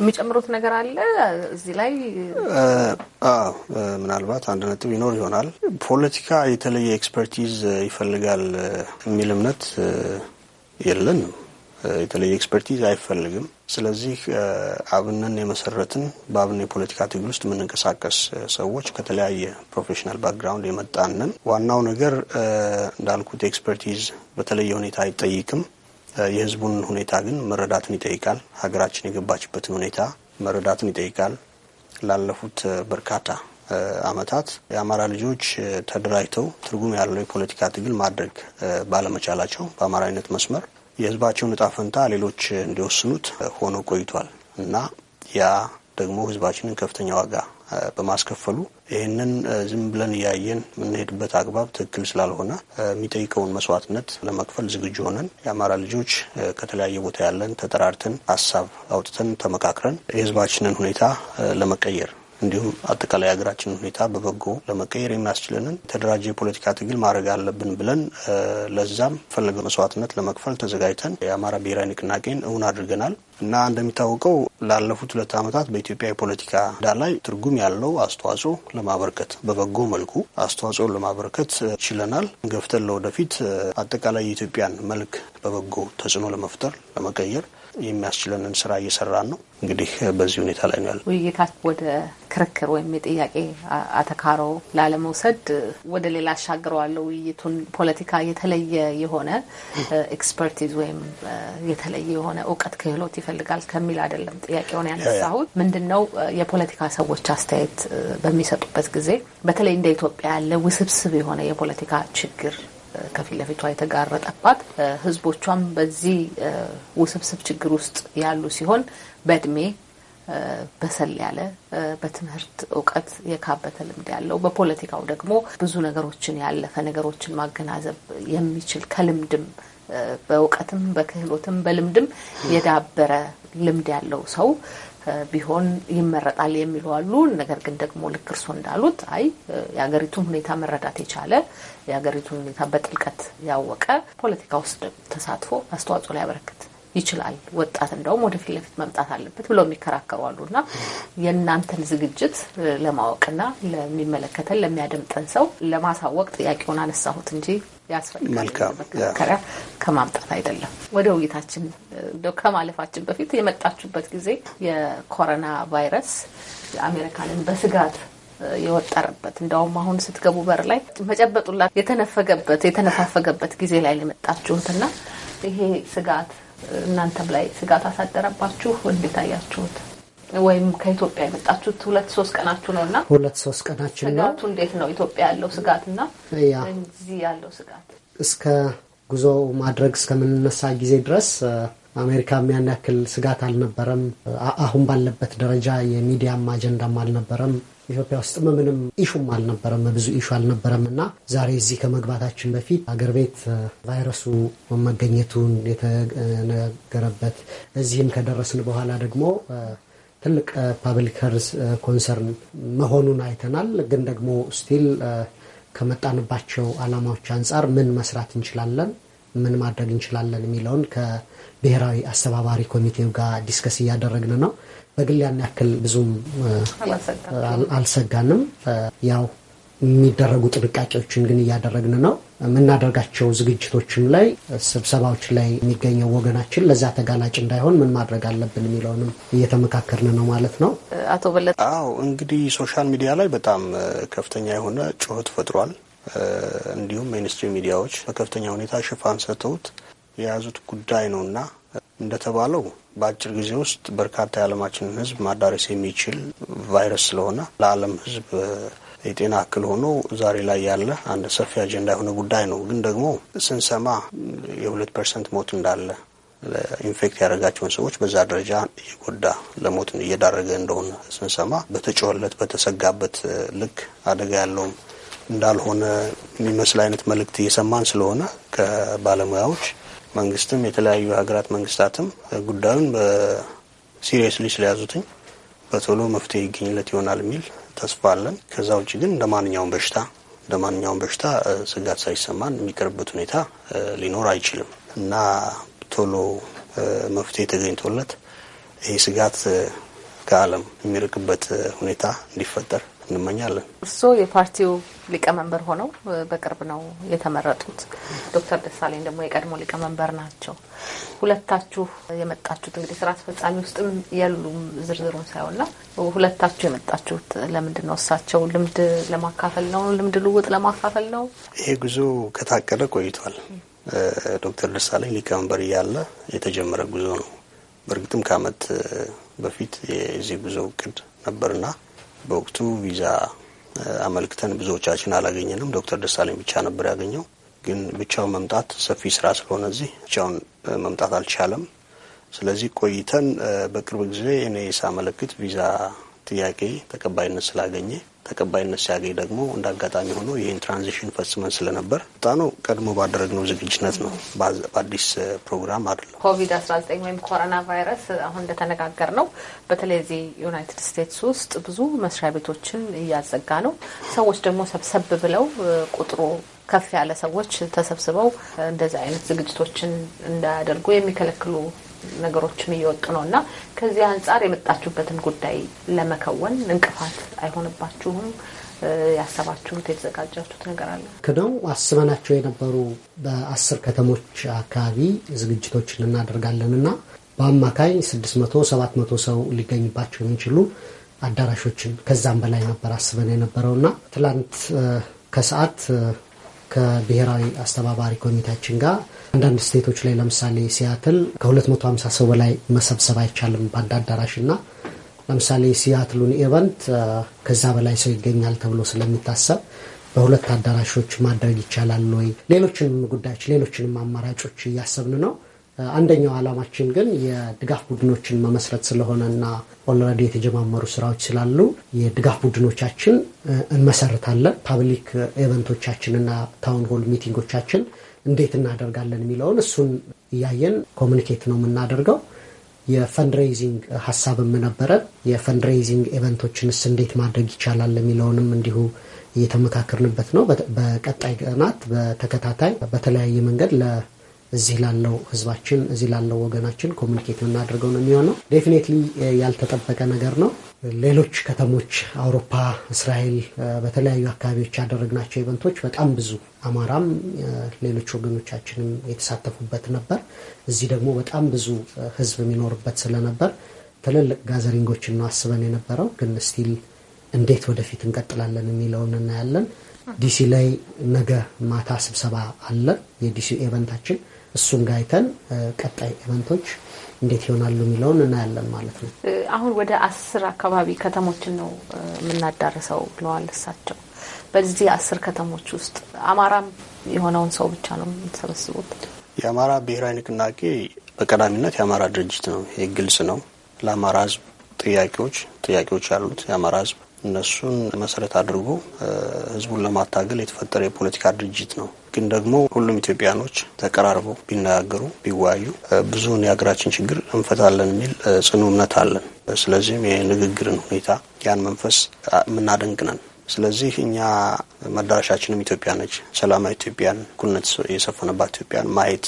የሚጨምሩት ነገር አለ እዚህ ላይ? ምናልባት አንድ ነጥብ ይኖር ይሆናል። ፖለቲካ የተለየ ኤክስፐርቲዝ ይፈልጋል የሚል እምነት የለንም። የተለየ ኤክስፐርቲዝ አይፈልግም። ስለዚህ አብንን የመሰረትን በአብን የፖለቲካ ትግል ውስጥ የምንንቀሳቀስ ሰዎች ከተለያየ ፕሮፌሽናል ባክግራውንድ የመጣንን ዋናው ነገር እንዳልኩት ኤክስፐርቲዝ በተለየ ሁኔታ አይጠይቅም። የህዝቡን ሁኔታ ግን መረዳትን ይጠይቃል። ሀገራችን የገባችበትን ሁኔታ መረዳትን ይጠይቃል። ላለፉት በርካታ አመታት የአማራ ልጆች ተደራጅተው ትርጉም ያለው የፖለቲካ ትግል ማድረግ ባለመቻላቸው በአማራዊነት መስመር የህዝባቸውን እጣ ፈንታ ሌሎች እንዲወስኑት ሆኖ ቆይቷል እና ያ ደግሞ ህዝባችንን ከፍተኛ ዋጋ በማስከፈሉ ይህንን ዝም ብለን እያየን የምንሄድበት አግባብ ትክክል ስላልሆነ የሚጠይቀውን መስዋዕትነት ለመክፈል ዝግጁ ሆነን የአማራ ልጆች ከተለያየ ቦታ ያለን ተጠራርተን ሀሳብ አውጥተን ተመካክረን የህዝባችንን ሁኔታ ለመቀየር እንዲሁም አጠቃላይ ሀገራችን ሁኔታ በበጎ ለመቀየር የሚያስችለንን የተደራጀ የፖለቲካ ትግል ማድረግ አለብን ብለን ለዛም ፈለገ መስዋዕትነት ለመክፈል ተዘጋጅተን የአማራ ብሔራዊ ንቅናቄን እውን አድርገናል እና እንደሚታወቀው ላለፉት ሁለት ዓመታት በኢትዮጵያ የፖለቲካ ዳ ላይ ትርጉም ያለው አስተዋጽኦ ለማበረከት በበጎ መልኩ አስተዋጽኦ ለማበረከት ችለናል። ገፍተን ለወደፊት አጠቃላይ የኢትዮጵያን መልክ በበጎ ተጽዕኖ ለመፍጠር ለመቀየር የሚያስችለንን ስራ እየሰራን ነው። እንግዲህ በዚህ ሁኔታ ላይ ነው ውይይታ ወደ ክርክር ወይም የጥያቄ አተካሮ ላለመውሰድ ወደ ሌላ አሻግረዋለሁ። ውይይቱን ፖለቲካ የተለየ የሆነ ኤክስፐርቲዝ ወይም የተለየ የሆነ እውቀት ክህሎት ይፈልጋል ከሚል አይደለም ጥያቄውን ያነሳሁት። ምንድን ነው የፖለቲካ ሰዎች አስተያየት በሚሰጡበት ጊዜ በተለይ እንደ ኢትዮጵያ ያለ ውስብስብ የሆነ የፖለቲካ ችግር ከፊት ለፊቷ የተጋረጠባት ህዝቦቿም በዚህ ውስብስብ ችግር ውስጥ ያሉ ሲሆን በእድሜ በሰል ያለ በትምህርት እውቀት የካበተ ልምድ ያለው በፖለቲካው ደግሞ ብዙ ነገሮችን ያለፈ ነገሮችን ማገናዘብ የሚችል ከልምድም በእውቀትም በክህሎትም በልምድም የዳበረ ልምድ ያለው ሰው ቢሆን ይመረጣል የሚሉ አሉ። ነገር ግን ደግሞ ልክ እርሶ እንዳሉት አይ የሀገሪቱን ሁኔታ መረዳት የቻለ የሀገሪቱን ሁኔታ በጥልቀት ያወቀ ፖለቲካ ውስጥ ተሳትፎ አስተዋጽኦ ሊያበረክት ይችላል። ወጣት እንደውም ወደፊት ለፊት መምጣት አለበት ብለው የሚከራከሩ አሉ እና የእናንተን ዝግጅት ለማወቅና ለሚመለከተን ለሚያደምጠን ሰው ለማሳወቅ ጥያቄውን አነሳሁት እንጂ ያስፈልጋልከራከሪያ ከማምጣት አይደለም። ወደ ውይይታችን ከማለፋችን በፊት የመጣችሁበት ጊዜ የኮሮና ቫይረስ አሜሪካንን በስጋት የወጠረበት እንደውም አሁን ስትገቡ በር ላይ መጨበጡላ የተነፈገበት የተነፋፈገበት ጊዜ ላይ የመጣችሁትና ይሄ ስጋት እናንተም ላይ ስጋት አሳደረባችሁ? እንዴት አያችሁት? ወይም ከኢትዮጵያ የመጣችሁት ሁለት ሶስት ቀናችሁ ነው እና ሁለት ሶስት ቀናችን ነው። ስጋቱ እንዴት ነው? ኢትዮጵያ ያለው ስጋት እና እዚህ ያለው ስጋት እስከ ጉዞ ማድረግ እስከምንነሳ ጊዜ ድረስ አሜሪካ ያን ያክል ስጋት አልነበረም። አሁን ባለበት ደረጃ የሚዲያም አጀንዳም አልነበረም። ኢትዮጵያ ውስጥም ምንም ኢሹም አልነበረም፣ ብዙ ኢሹ አልነበረም እና ዛሬ እዚህ ከመግባታችን በፊት አገር ቤት ቫይረሱ መገኘቱን የተነገረበት እዚህም ከደረስን በኋላ ደግሞ ትልቅ ፓብሊክ ሄልዝ ኮንሰርን መሆኑን አይተናል። ግን ደግሞ ስቲል ከመጣንባቸው አላማዎች አንጻር ምን መስራት እንችላለን፣ ምን ማድረግ እንችላለን የሚለውን ከብሔራዊ አስተባባሪ ኮሚቴው ጋር ዲስከስ እያደረግን ነው። በግል ያን ያክል ብዙም አልሰጋንም። ያው የሚደረጉ ጥንቃቄዎችን ግን እያደረግን ነው። የምናደርጋቸው ዝግጅቶችም ላይ፣ ስብሰባዎች ላይ የሚገኘው ወገናችን ለዛ ተጋላጭ እንዳይሆን ምን ማድረግ አለብን የሚለውንም እየተመካከርን ነው ማለት ነው። አቶ በለጠ፣ አዎ እንግዲህ ሶሻል ሚዲያ ላይ በጣም ከፍተኛ የሆነ ጩኸት ፈጥሯል። እንዲሁም ሜንስትሪም ሚዲያዎች በከፍተኛ ሁኔታ ሽፋን ሰጥተውት የያዙት ጉዳይ ነው እና እንደተባለው በአጭር ጊዜ ውስጥ በርካታ የዓለማችንን ሕዝብ ማዳረስ የሚችል ቫይረስ ስለሆነ ለዓለም ሕዝብ የጤና እክል ሆኖ ዛሬ ላይ ያለ አንድ ሰፊ አጀንዳ የሆነ ጉዳይ ነው። ግን ደግሞ ስንሰማ የሁለት ፐርሰንት ሞት እንዳለ ኢንፌክት ያደረጋቸውን ሰዎች በዛ ደረጃ እየጎዳ ለሞት እየዳረገ እንደሆነ ስንሰማ በተጮኸለት በተሰጋበት ልክ አደጋ ያለውም እንዳልሆነ የሚመስል አይነት መልእክት እየሰማን ስለሆነ ከባለሙያዎች መንግስትም የተለያዩ ሀገራት መንግስታትም ጉዳዩን በሲሪየስሊ ስለያዙትኝ በቶሎ መፍትሄ ይገኝለት ይሆናል የሚል ተስፋ አለን። ከዛ ውጭ ግን እንደ ማንኛውም በሽታ እንደ ማንኛውም በሽታ ስጋት ሳይሰማን የሚቀርብበት ሁኔታ ሊኖር አይችልም እና ቶሎ መፍትሄ ተገኝቶለት ይህ ስጋት ከዓለም የሚርቅበት ሁኔታ እንዲፈጠር እንመኛለን። እርስዎ የፓርቲው ሊቀመንበር ሆነው በቅርብ ነው የተመረጡት። ዶክተር ደሳለኝ ደግሞ የቀድሞ ሊቀመንበር ናቸው። ሁለታችሁ የመጣችሁት እንግዲህ ስራ አስፈጻሚ ውስጥም የሉም ዝርዝሩን ሳይሆንና ሁለታችሁ የመጣችሁት ለምንድን ነው? እሳቸው ልምድ ለማካፈል ነው፣ ልምድ ልውውጥ ለማካፈል ነው። ይሄ ጉዞ ከታቀደ ቆይቷል። ዶክተር ደሳለኝ ሊቀመንበር እያለ የተጀመረ ጉዞ ነው። በእርግጥም ከአመት በፊት የዚህ ጉዞ እቅድ ነበርና በወቅቱ ቪዛ አመልክተን ብዙዎቻችን አላገኘንም። ዶክተር ደሳለኝ ብቻ ነበር ያገኘው። ግን ብቻውን መምጣት ሰፊ ስራ ስለሆነ እዚህ ብቻውን መምጣት አልቻለም። ስለዚህ ቆይተን በቅርብ ጊዜ እኔ ሳመለክት ቪዛ ጥያቄ ተቀባይነት ስላገኘ ተቀባይነት ሲያገኝ ደግሞ እንደ አጋጣሚ ሆኖ ይህን ትራንዚሽን ፈጽመን ስለነበር ጣኑ ቀድሞ ባደረግነው ዝግጅነት ነው፣ በአዲስ ፕሮግራም አይደለም። ኮቪድ 19 ወይም ኮሮና ቫይረስ አሁን እንደተነጋገር ነው። በተለይ እዚህ ዩናይትድ ስቴትስ ውስጥ ብዙ መስሪያ ቤቶችን እያዘጋ ነው። ሰዎች ደግሞ ሰብሰብ ብለው ቁጥሩ ከፍ ያለ ሰዎች ተሰብስበው እንደዚህ አይነት ዝግጅቶችን እንዳያደርጉ የሚከለክሉ ነገሮችን እየወጡ ነው እና ከዚህ አንጻር የመጣችሁበትን ጉዳይ ለመከወን እንቅፋት አይሆንባችሁም? ያሰባችሁት የተዘጋጃችሁት ነገር አለ? ክነው አስበናቸው የነበሩ በአስር ከተሞች አካባቢ ዝግጅቶችን እናደርጋለን እና በአማካይ 600 መቶ ሰው ሊገኝባቸው የሚችሉ አዳራሾችን ከዛም በላይ ነበር አስበን የነበረው እና ትላንት ከሰዓት ከብሔራዊ አስተባባሪ ኮሚቴያችን ጋር አንዳንድ ስቴቶች ላይ ለምሳሌ ሲያትል ከ250 ሰው በላይ መሰብሰብ አይቻልም በአንድ አዳራሽ እና ለምሳሌ ሲያትሉን ኢቨንት ከዛ በላይ ሰው ይገኛል ተብሎ ስለሚታሰብ በሁለት አዳራሾች ማድረግ ይቻላል ወይ? ሌሎችንም ጉዳዮች ሌሎችንም አማራጮች እያሰብን ነው። አንደኛው ዓላማችን ግን የድጋፍ ቡድኖችን መመስረት ስለሆነና ኦልሬዲ የተጀማመሩ ስራዎች ስላሉ የድጋፍ ቡድኖቻችን እንመሰርታለን። ፓብሊክ እና ታውን ሆል ሚቲንጎቻችን እንዴት እናደርጋለን የሚለውን እሱን እያየን ኮሚኒኬት ነው የምናደርገው። የፈንድሬይዚንግ ሀሳብም ነበረ። የፈንድሬይዚንግ ኤቨንቶችንስ እንዴት ማድረግ ይቻላል የሚለውንም እንዲሁ እየተመካከርንበት ነው። በቀጣይ ቀናት በተከታታይ በተለያየ መንገድ እዚህ ላለው ህዝባችን እዚህ ላለው ወገናችን ኮሚኒኬት የምናደርገው ነው የሚሆነው። ዴፊኔትሊ ያልተጠበቀ ነገር ነው። ሌሎች ከተሞች አውሮፓ፣ እስራኤል፣ በተለያዩ አካባቢዎች ያደረግናቸው ኢቨንቶች በጣም ብዙ አማራም ሌሎች ወገኖቻችንም የተሳተፉበት ነበር። እዚህ ደግሞ በጣም ብዙ ህዝብ የሚኖርበት ስለነበር ትልልቅ ጋዘሪንጎችን ነው አስበን የነበረው። ግን ስቲል እንዴት ወደፊት እንቀጥላለን የሚለውን እናያለን። ዲሲ ላይ ነገ ማታ ስብሰባ አለ የዲሲ ኤቨንታችን። እሱን ጋይተን ቀጣይ ኢቨንቶች እንዴት ይሆናሉ የሚለውን እናያለን ማለት ነው። አሁን ወደ አስር አካባቢ ከተሞችን ነው የምናዳርሰው ብለዋል እሳቸው። በዚህ አስር ከተሞች ውስጥ አማራም የሆነውን ሰው ብቻ ነው የምንሰበስቡት። የአማራ ብሔራዊ ንቅናቄ በቀዳሚነት የአማራ ድርጅት ነው። ይህ ግልጽ ነው። ለአማራ ህዝብ ጥያቄዎች ጥያቄዎች ያሉት የአማራ ህዝብ እነሱን መሰረት አድርጎ ህዝቡን ለማታገል የተፈጠረ የፖለቲካ ድርጅት ነው። ግን ደግሞ ሁሉም ኢትዮጵያኖች ተቀራርበው ቢነጋገሩ ቢወያዩ ብዙውን የሀገራችን ችግር እንፈታለን የሚል ጽኑ እምነት አለን። ስለዚህም የንግግርን ሁኔታ ያን መንፈስ የምናደንቅ ነን። ስለዚህ እኛ መዳረሻችንም ኢትዮጵያ ነች። ሰላማዊ ኢትዮጵያን፣ እኩልነት የሰፈነባት ኢትዮጵያን ማየት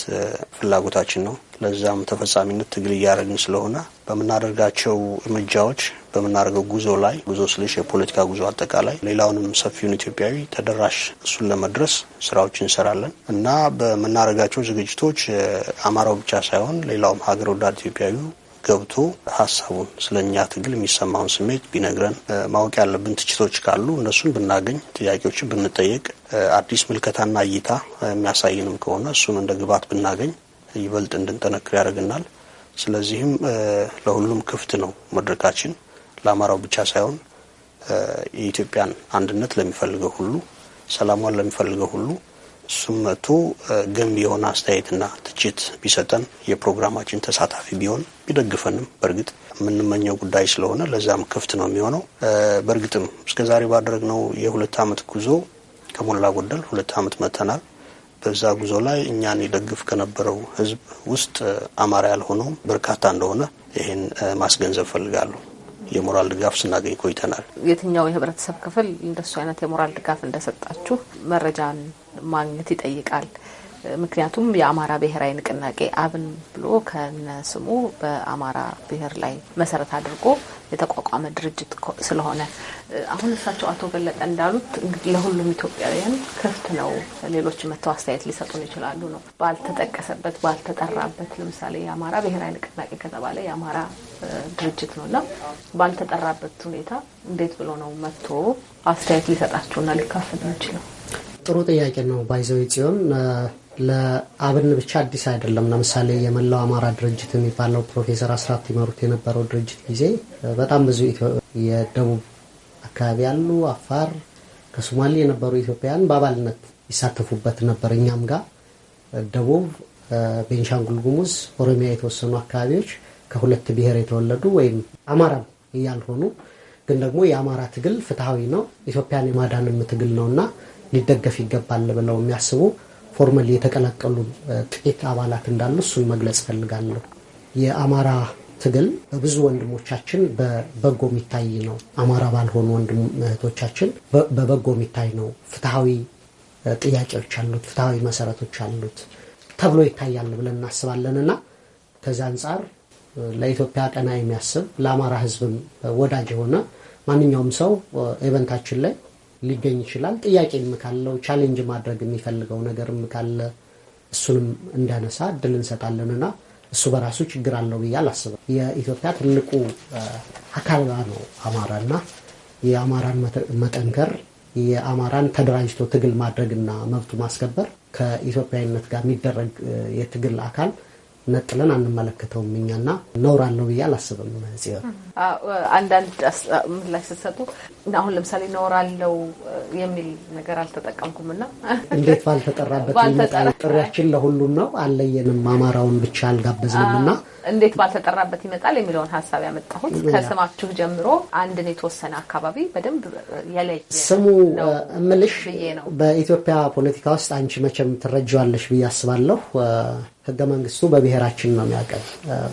ፍላጎታችን ነው። ለዛም ተፈጻሚነት ትግል እያደረግን ስለሆነ በምናደርጋቸው እርምጃዎች በምናደርገው ጉዞ ላይ ጉዞ ስልሽ የፖለቲካ ጉዞ አጠቃላይ ሌላውንም ሰፊውን ኢትዮጵያዊ ተደራሽ እሱን ለመድረስ ስራዎች እንሰራለን እና በምናደርጋቸው ዝግጅቶች አማራው ብቻ ሳይሆን ሌላውም ሀገር ወዳድ ኢትዮጵያዊ ገብቶ ሀሳቡን ስለ እኛ ትግል የሚሰማውን ስሜት ቢነግረን፣ ማወቅ ያለብን ትችቶች ካሉ እነሱን ብናገኝ፣ ጥያቄዎችን ብንጠየቅ፣ አዲስ ምልከታና እይታ የሚያሳይንም ከሆነ እሱም እንደ ግብዓት ብናገኝ ይበልጥ እንድንጠነክር ያደርግናል። ስለዚህም ለሁሉም ክፍት ነው መድረካችን። ለአማራው ብቻ ሳይሆን የኢትዮጵያን አንድነት ለሚፈልገው ሁሉ፣ ሰላሟን ለሚፈልገው ሁሉ ስመቱ ገንቢ የሆነ አስተያየትና ትችት ቢሰጠን የፕሮግራማችን ተሳታፊ ቢሆን ቢደግፈንም በእርግጥ የምንመኘው ጉዳይ ስለሆነ ለዛም ክፍት ነው የሚሆነው። በእርግጥም እስከዛሬ ባደረግነው የሁለት ዓመት ጉዞ ከሞላ ጎደል ሁለት ዓመት መተናል። በዛ ጉዞ ላይ እኛን ይደግፍ ከነበረው ሕዝብ ውስጥ አማራ ያልሆነውም በርካታ እንደሆነ ይህን ማስገንዘብ ፈልጋለሁ። የሞራል ድጋፍ ስናገኝ ቆይተናል። የትኛው የህብረተሰብ ክፍል እንደሱ አይነት የሞራል ድጋፍ እንደሰጣችሁ መረጃን ማግኘት ይጠይቃል። ምክንያቱም የአማራ ብሔራዊ ንቅናቄ አብን ብሎ ከነስሙ በአማራ ብሔር ላይ መሰረት አድርጎ የተቋቋመ ድርጅት ስለሆነ አሁን እሳቸው አቶ ገለጠ እንዳሉት እንግዲህ ለሁሉም ኢትዮጵያውያን ክፍት ነው። ሌሎች መጥተው አስተያየት ሊሰጡን ይችላሉ ነው። ባልተጠቀሰበት ባልተጠራበት፣ ለምሳሌ የአማራ ብሔራዊ ንቅናቄ ከተባለ የአማራ ድርጅት ነው እና ባልተጠራበት ሁኔታ እንዴት ብሎ ነው መጥቶ አስተያየት ሊሰጣችሁና ሊካፈል የሚችለው? ጥሩ ጥያቄ ነው። ባይዘው ጽዮን ለአብን ብቻ አዲስ አይደለም። ለምሳሌ የመላው አማራ ድርጅት የሚባለው ፕሮፌሰር አስራት ይመሩት የነበረው ድርጅት ጊዜ በጣም ብዙ የደቡብ አካባቢ ያሉ አፋር፣ ከሶማሌ የነበሩ ኢትዮጵያውያን በአባልነት ይሳተፉበት ነበር። እኛም ጋር ደቡብ፣ ቤንሻንጉል ጉሙዝ፣ ኦሮሚያ የተወሰኑ አካባቢዎች ከሁለት ብሔር የተወለዱ ወይም አማራም እያልሆኑ ግን ደግሞ የአማራ ትግል ፍትሐዊ ነው፣ ኢትዮጵያን የማዳንም ትግል ነው እና ሊደገፍ ይገባል ብለው የሚያስቡ ፎርመል የተቀላቀሉ ጥቂት አባላት እንዳሉ እሱን መግለጽ ፈልጋለሁ። የአማራ ትግል በብዙ ወንድሞቻችን በበጎ የሚታይ ነው። አማራ ባልሆኑ ወንድም እህቶቻችን በበጎ የሚታይ ነው። ፍትሐዊ ጥያቄዎች አሉት፣ ፍትሐዊ መሰረቶች አሉት ተብሎ ይታያል ብለን እናስባለን እና ከዚህ አንጻር ለኢትዮጵያ ቀና የሚያስብ ለአማራ ሕዝብም ወዳጅ የሆነ ማንኛውም ሰው ኤቨንታችን ላይ ሊገኝ ይችላል። ጥያቄም ካለው ቻሌንጅ ማድረግ የሚፈልገው ነገርም ካለ እሱንም እንዳነሳ እድል እንሰጣለንና እሱ በራሱ ችግር አለው ብዬ አላስብም። የኢትዮጵያ ትልቁ አካል ነው አማራና የአማራን መጠንከር የአማራን ተደራጅቶ ትግል ማድረግና መብቱ ማስከበር ከኢትዮጵያዊነት ጋር የሚደረግ የትግል አካል ነጥለን አንመለከተውም። እኛና ነውራለሁ ብዬ አላስብም። ጽዮን አንዳንድ ምላሽ ስትሰጡ አሁን ለምሳሌ ነውራለው የሚል ነገር አልተጠቀምኩም እና እንዴት ባልተጠራበት ጥሪያችን ለሁሉም ነው። አለየንም፣ አማራውን ብቻ አልጋበዝንም እና እንዴት ባልተጠራበት ይመጣል የሚለውን ሀሳብ ያመጣሁት ከስማችሁ ጀምሮ አንድን የተወሰነ አካባቢ በደንብ የለየ ስሙ እምልሽ በኢትዮጵያ ፖለቲካ ውስጥ አንቺ መቼም ትረጃዋለሽ ብዬ አስባለሁ። ህገ መንግስቱ በብሔራችን ነው የሚያውቀን።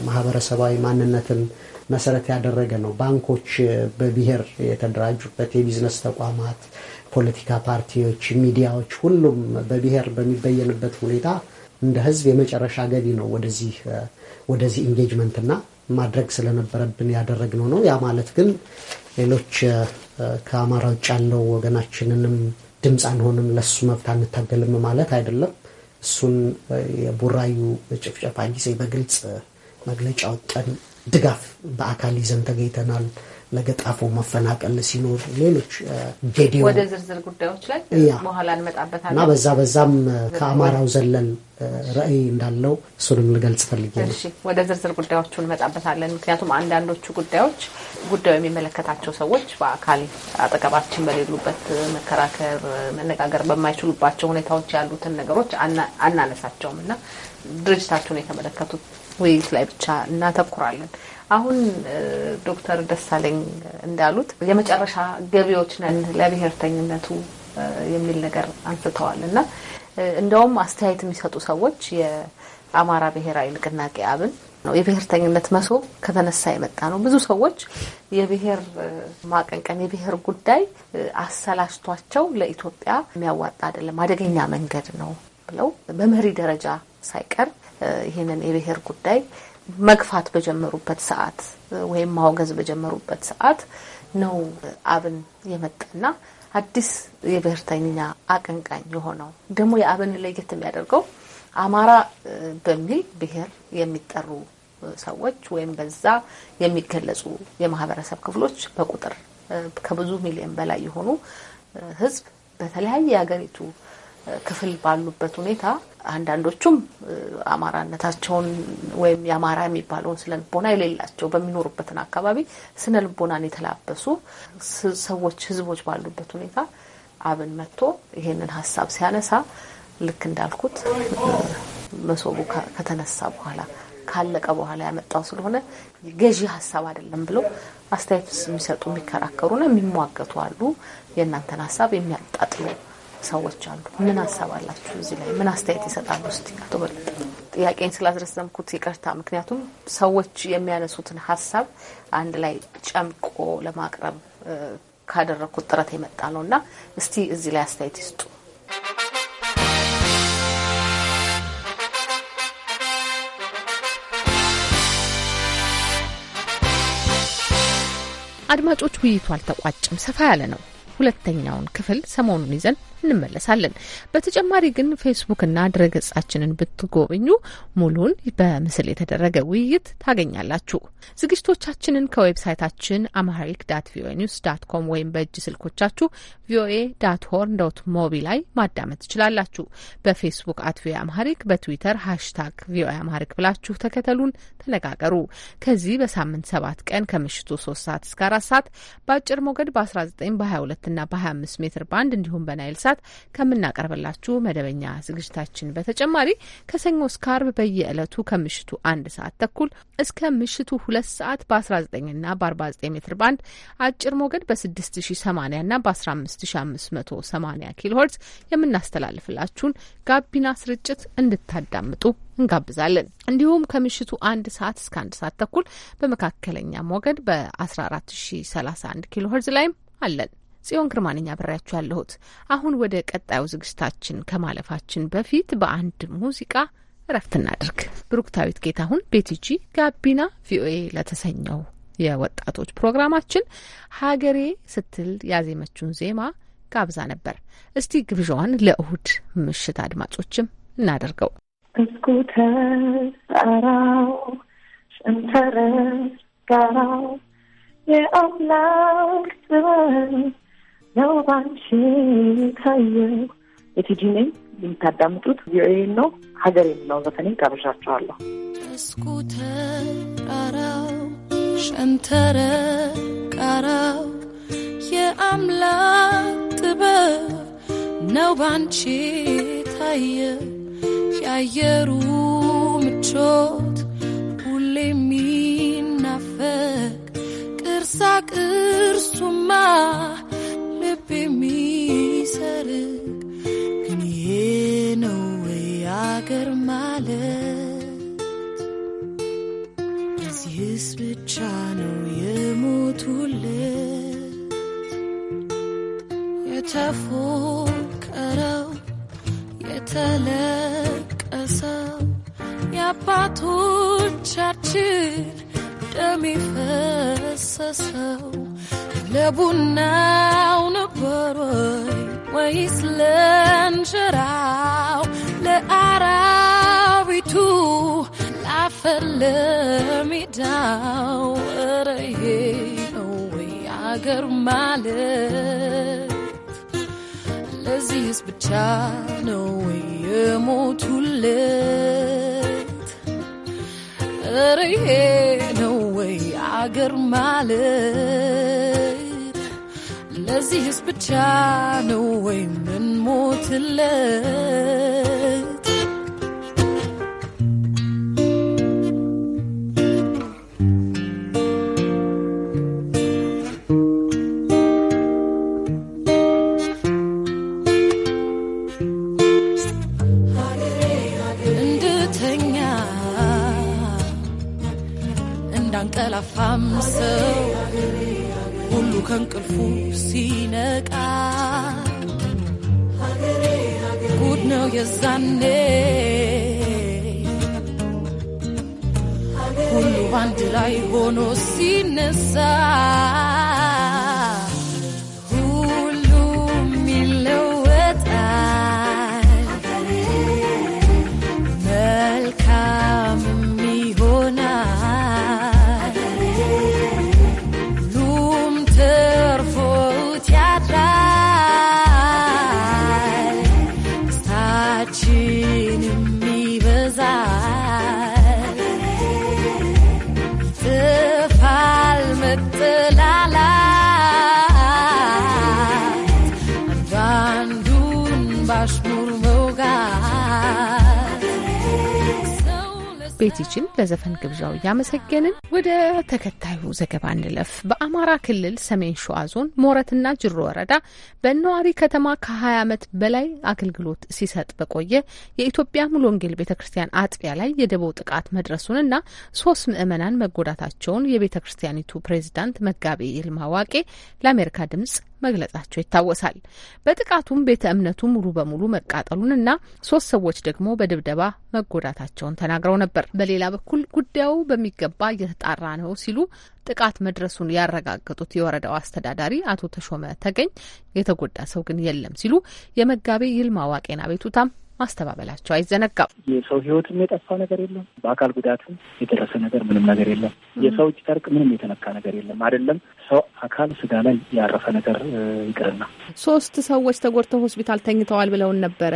ማህበረሰባዊ ማንነትን መሰረት ያደረገ ነው። ባንኮች በብሔር የተደራጁበት፣ የቢዝነስ ተቋማት፣ ፖለቲካ ፓርቲዎች፣ ሚዲያዎች፣ ሁሉም በብሔር በሚበየንበት ሁኔታ እንደ ህዝብ የመጨረሻ ገቢ ነው ወደዚህ ወደዚህ ኢንጌጅመንትና ማድረግ ስለነበረብን ያደረግነው ነው። ያ ማለት ግን ሌሎች ከአማራ ውጭ ያለው ወገናችንንም ድምፅ አንሆንም፣ ለሱ መብት አንታገልም ማለት አይደለም። እሱን የቡራዩ ጭፍጨፋ ጊዜ በግልጽ መግለጫ ወጠን ድጋፍ በአካል ይዘን ተገኝተናል። ለገጣፎ መፈናቀል ሲኖር ሌሎች ጌዲዮ ወደ ዝርዝር ጉዳዮች ላይ በኋላ እንመጣበታለን እና በዛ በዛም ከአማራው ዘለል ራዕይ እንዳለው እሱንም ልገልጽ ፈልጌ ነው። ወደ ዝርዝር ጉዳዮቹ እንመጣበታለን። ምክንያቱም አንዳንዶቹ ጉዳዮች ጉዳዩ የሚመለከታቸው ሰዎች በአካል አጠገባችን በሌሉበት መከራከር፣ መነጋገር በማይችሉባቸው ሁኔታዎች ያሉትን ነገሮች አናነሳቸውም እና ድርጅታቸውን የተመለከቱት ውይይት ላይ ብቻ እናተኩራለን። አሁን ዶክተር ደሳለኝ እንዳሉት የመጨረሻ ገቢዎች ነን ለብሔርተኝነቱ የሚል ነገር አንስተዋል እና እንደውም አስተያየት የሚሰጡ ሰዎች የአማራ ብሔራዊ ንቅናቄ አብን ነው የብሔርተኝነት መሶብ ከተነሳ የመጣ ነው። ብዙ ሰዎች የብሔር ማቀንቀን የብሔር ጉዳይ አሰላሽቷቸው ለኢትዮጵያ የሚያዋጣ አይደለም፣ አደገኛ መንገድ ነው ብለው በመሪ ደረጃ ሳይቀር ይህንን የብሔር ጉዳይ መግፋት በጀመሩበት ሰዓት ወይም ማውገዝ በጀመሩበት ሰዓት ነው አብን የመጣና አዲስ የብሔርተኛ አቀንቃኝ የሆነው። ደግሞ የአብን ለየት የሚያደርገው አማራ በሚል ብሔር የሚጠሩ ሰዎች ወይም በዛ የሚገለጹ የማህበረሰብ ክፍሎች በቁጥር ከብዙ ሚሊዮን በላይ የሆኑ ህዝብ በተለያየ የሀገሪቱ ክፍል ባሉበት ሁኔታ አንዳንዶቹም አማራነታቸውን ወይም የአማራ የሚባለውን ስነ ልቦና የሌላቸው በሚኖሩበትን አካባቢ ስነ ልቦናን የተላበሱ ሰዎች፣ ህዝቦች ባሉበት ሁኔታ አብን መጥቶ ይሄንን ሀሳብ ሲያነሳ ልክ እንዳልኩት መሶቡ ከተነሳ በኋላ ካለቀ በኋላ ያመጣው ስለሆነ ገዢ ሀሳብ አይደለም ብለው አስተያየት የሚሰጡ የሚከራከሩና የሚሟገቱ አሉ። የእናንተን ሀሳብ የሚያጣጥሉ ሰዎች አሉ። ምን ሀሳብ አላችሁ እዚህ ላይ ምን አስተያየት ይሰጣሉ? ስ አቶ በለጠ ጥያቄን ስላስረዘምኩት ይቅርታ። ምክንያቱም ሰዎች የሚያነሱትን ሀሳብ አንድ ላይ ጨምቆ ለማቅረብ ካደረግኩት ጥረት የመጣ ነው እና እስቲ እዚህ ላይ አስተያየት ይስጡ። አድማጮች፣ ውይይቱ አልተቋጭም፣ ሰፋ ያለ ነው። ሁለተኛውን ክፍል ሰሞኑን ይዘን እንመለሳለን። በተጨማሪ ግን ፌስቡክና ድረገጻችንን ብትጎበኙ ሙሉን በምስል የተደረገ ውይይት ታገኛላችሁ። ዝግጅቶቻችንን ከዌብሳይታችን አማሪክ ዳት ቪኦኤ ኒውስ ዳት ኮም ወይም በእጅ ስልኮቻችሁ ቪኦኤ ዳት ሆርን ዶት ሞቢ ላይ ማዳመጥ ትችላላችሁ። በፌስቡክ አት ቪኦኤ አማሪክ፣ በትዊተር ሃሽታግ ቪኦኤ አማሪክ ብላችሁ ተከተሉን፣ ተነጋገሩ። ከዚህ በሳምንት ሰባት ቀን ከምሽቱ ሶስት ሰዓት እስከ አራት ሰዓት በአጭር ሞገድ በ19 በ22 እና በ25 ሜትር ባንድ እንዲሁም በናይል ሳት ሰዓት ከምናቀርብላችሁ መደበኛ ዝግጅታችን በተጨማሪ ከሰኞ እስከ አርብ በየዕለቱ ከምሽቱ አንድ ሰዓት ተኩል እስከ ምሽቱ ሁለት ሰዓት በ19ና በ49 ሜትር ባንድ አጭር ሞገድ በ6080 ና በ15580 ኪሎ ሄርዝ የምናስተላልፍላችሁን ጋቢና ስርጭት እንድታዳምጡ እንጋብዛለን። እንዲሁም ከምሽቱ አንድ ሰዓት እስከ አንድ ሰዓት ተኩል በመካከለኛ ሞገድ በ14031 ኪሎ ሄርዝ ላይም አለን። ጽዮን ግርማ ነኝ አብሬያችሁ ያለሁት። አሁን ወደ ቀጣዩ ዝግጅታችን ከማለፋችን በፊት በአንድ ሙዚቃ እረፍት እናድርግ። ብሩክታዊት ጌታሁን ቤቲጂ ጋቢና ቪኦኤ ለተሰኘው የወጣቶች ፕሮግራማችን ሀገሬ ስትል ያዜመችውን ዜማ ጋብዛ ነበር። እስቲ ግብዣዋን ለእሁድ ምሽት አድማጮችም እናደርገው። እስኩተር ጣራው ሸንተረር ጋራው የአምላክ ጥበብ ያው ባንቺ ካየው የቲጂ ነኝ። የምታዳምጡት ቪኦኤን ነው። ሀገሬን ነው። ዘፈኔን ጋብዣቸዋለሁ። እስኩ ተራራው ሸንተረ ቃራው የአምላክ ጥበብ ነው ባንቺ ታየ የአየሩ ምቾት ሁሌ የሚናፈቅ ቅርሳ ቅርሱማ ልብ የሚሰርቅ ግን ይሄ ነው ወይ አገር ማለት? ለዚህስ ብቻ ነው የሞቱለት የተፎቀረው የተለቀሰው የአባቶቻችን ደም ለቡናው ነበር ወይስ ለእንጀራው? ለአራዊቱ ለአፈር ለሜዳው? ኧረ ይሄ ነው ወይ አገር ማለት? ለዚህስ ብቻ ነው የሞቱለት? ኧረ ይሄ ነው ወይ አገር ማለት? ለዚህስ ብቻ ነው ወይ ምን ሞትለት? በዛው እያመሰገንን ወደ ተከታዩ ዘገባ እንለፍ። በአማራ ክልል ሰሜን ሸዋ ዞን ሞረትና ጅሮ ወረዳ በነዋሪ ከተማ ከ20 ዓመት በላይ አገልግሎት ሲሰጥ በቆየ የኢትዮጵያ ሙሉ ወንጌል ቤተ ክርስቲያን አጥቢያ ላይ የደቦ ጥቃት መድረሱንና ሶስት ምዕመናን መጎዳታቸውን የቤተ ክርስቲያኒቱ ፕሬዚዳንት መጋቤ ይልማ ዋቄ ለአሜሪካ ድምጽ መግለጻቸው ይታወሳል። በጥቃቱም ቤተ እምነቱ ሙሉ በሙሉ መቃጠሉንና ሶስት ሰዎች ደግሞ በድብደባ መጎዳታቸውን ተናግረው ነበር። በሌላ በኩል ጉዳዩ በሚገባ እየተጣራ ነው ሲሉ ጥቃት መድረሱን ያረጋገጡት የወረዳው አስተዳዳሪ አቶ ተሾመ ተገኝ የተጎዳ ሰው ግን የለም ሲሉ የመጋቤ ይልማ ዋቄን አቤቱታም ማስተባበላቸው አይዘነጋም። የሰው ህይወትም የጠፋ ነገር የለም። በአካል ጉዳትም የደረሰ ነገር ምንም ነገር የለም። የሰው እጅ ጨርቅ ምንም የተነካ ነገር የለም። አይደለም ሰው አካል ስጋ ላይ ያረፈ ነገር ይቅርና ሶስት ሰዎች ተጎድተው ሆስፒታል ተኝተዋል ብለውን ነበረ።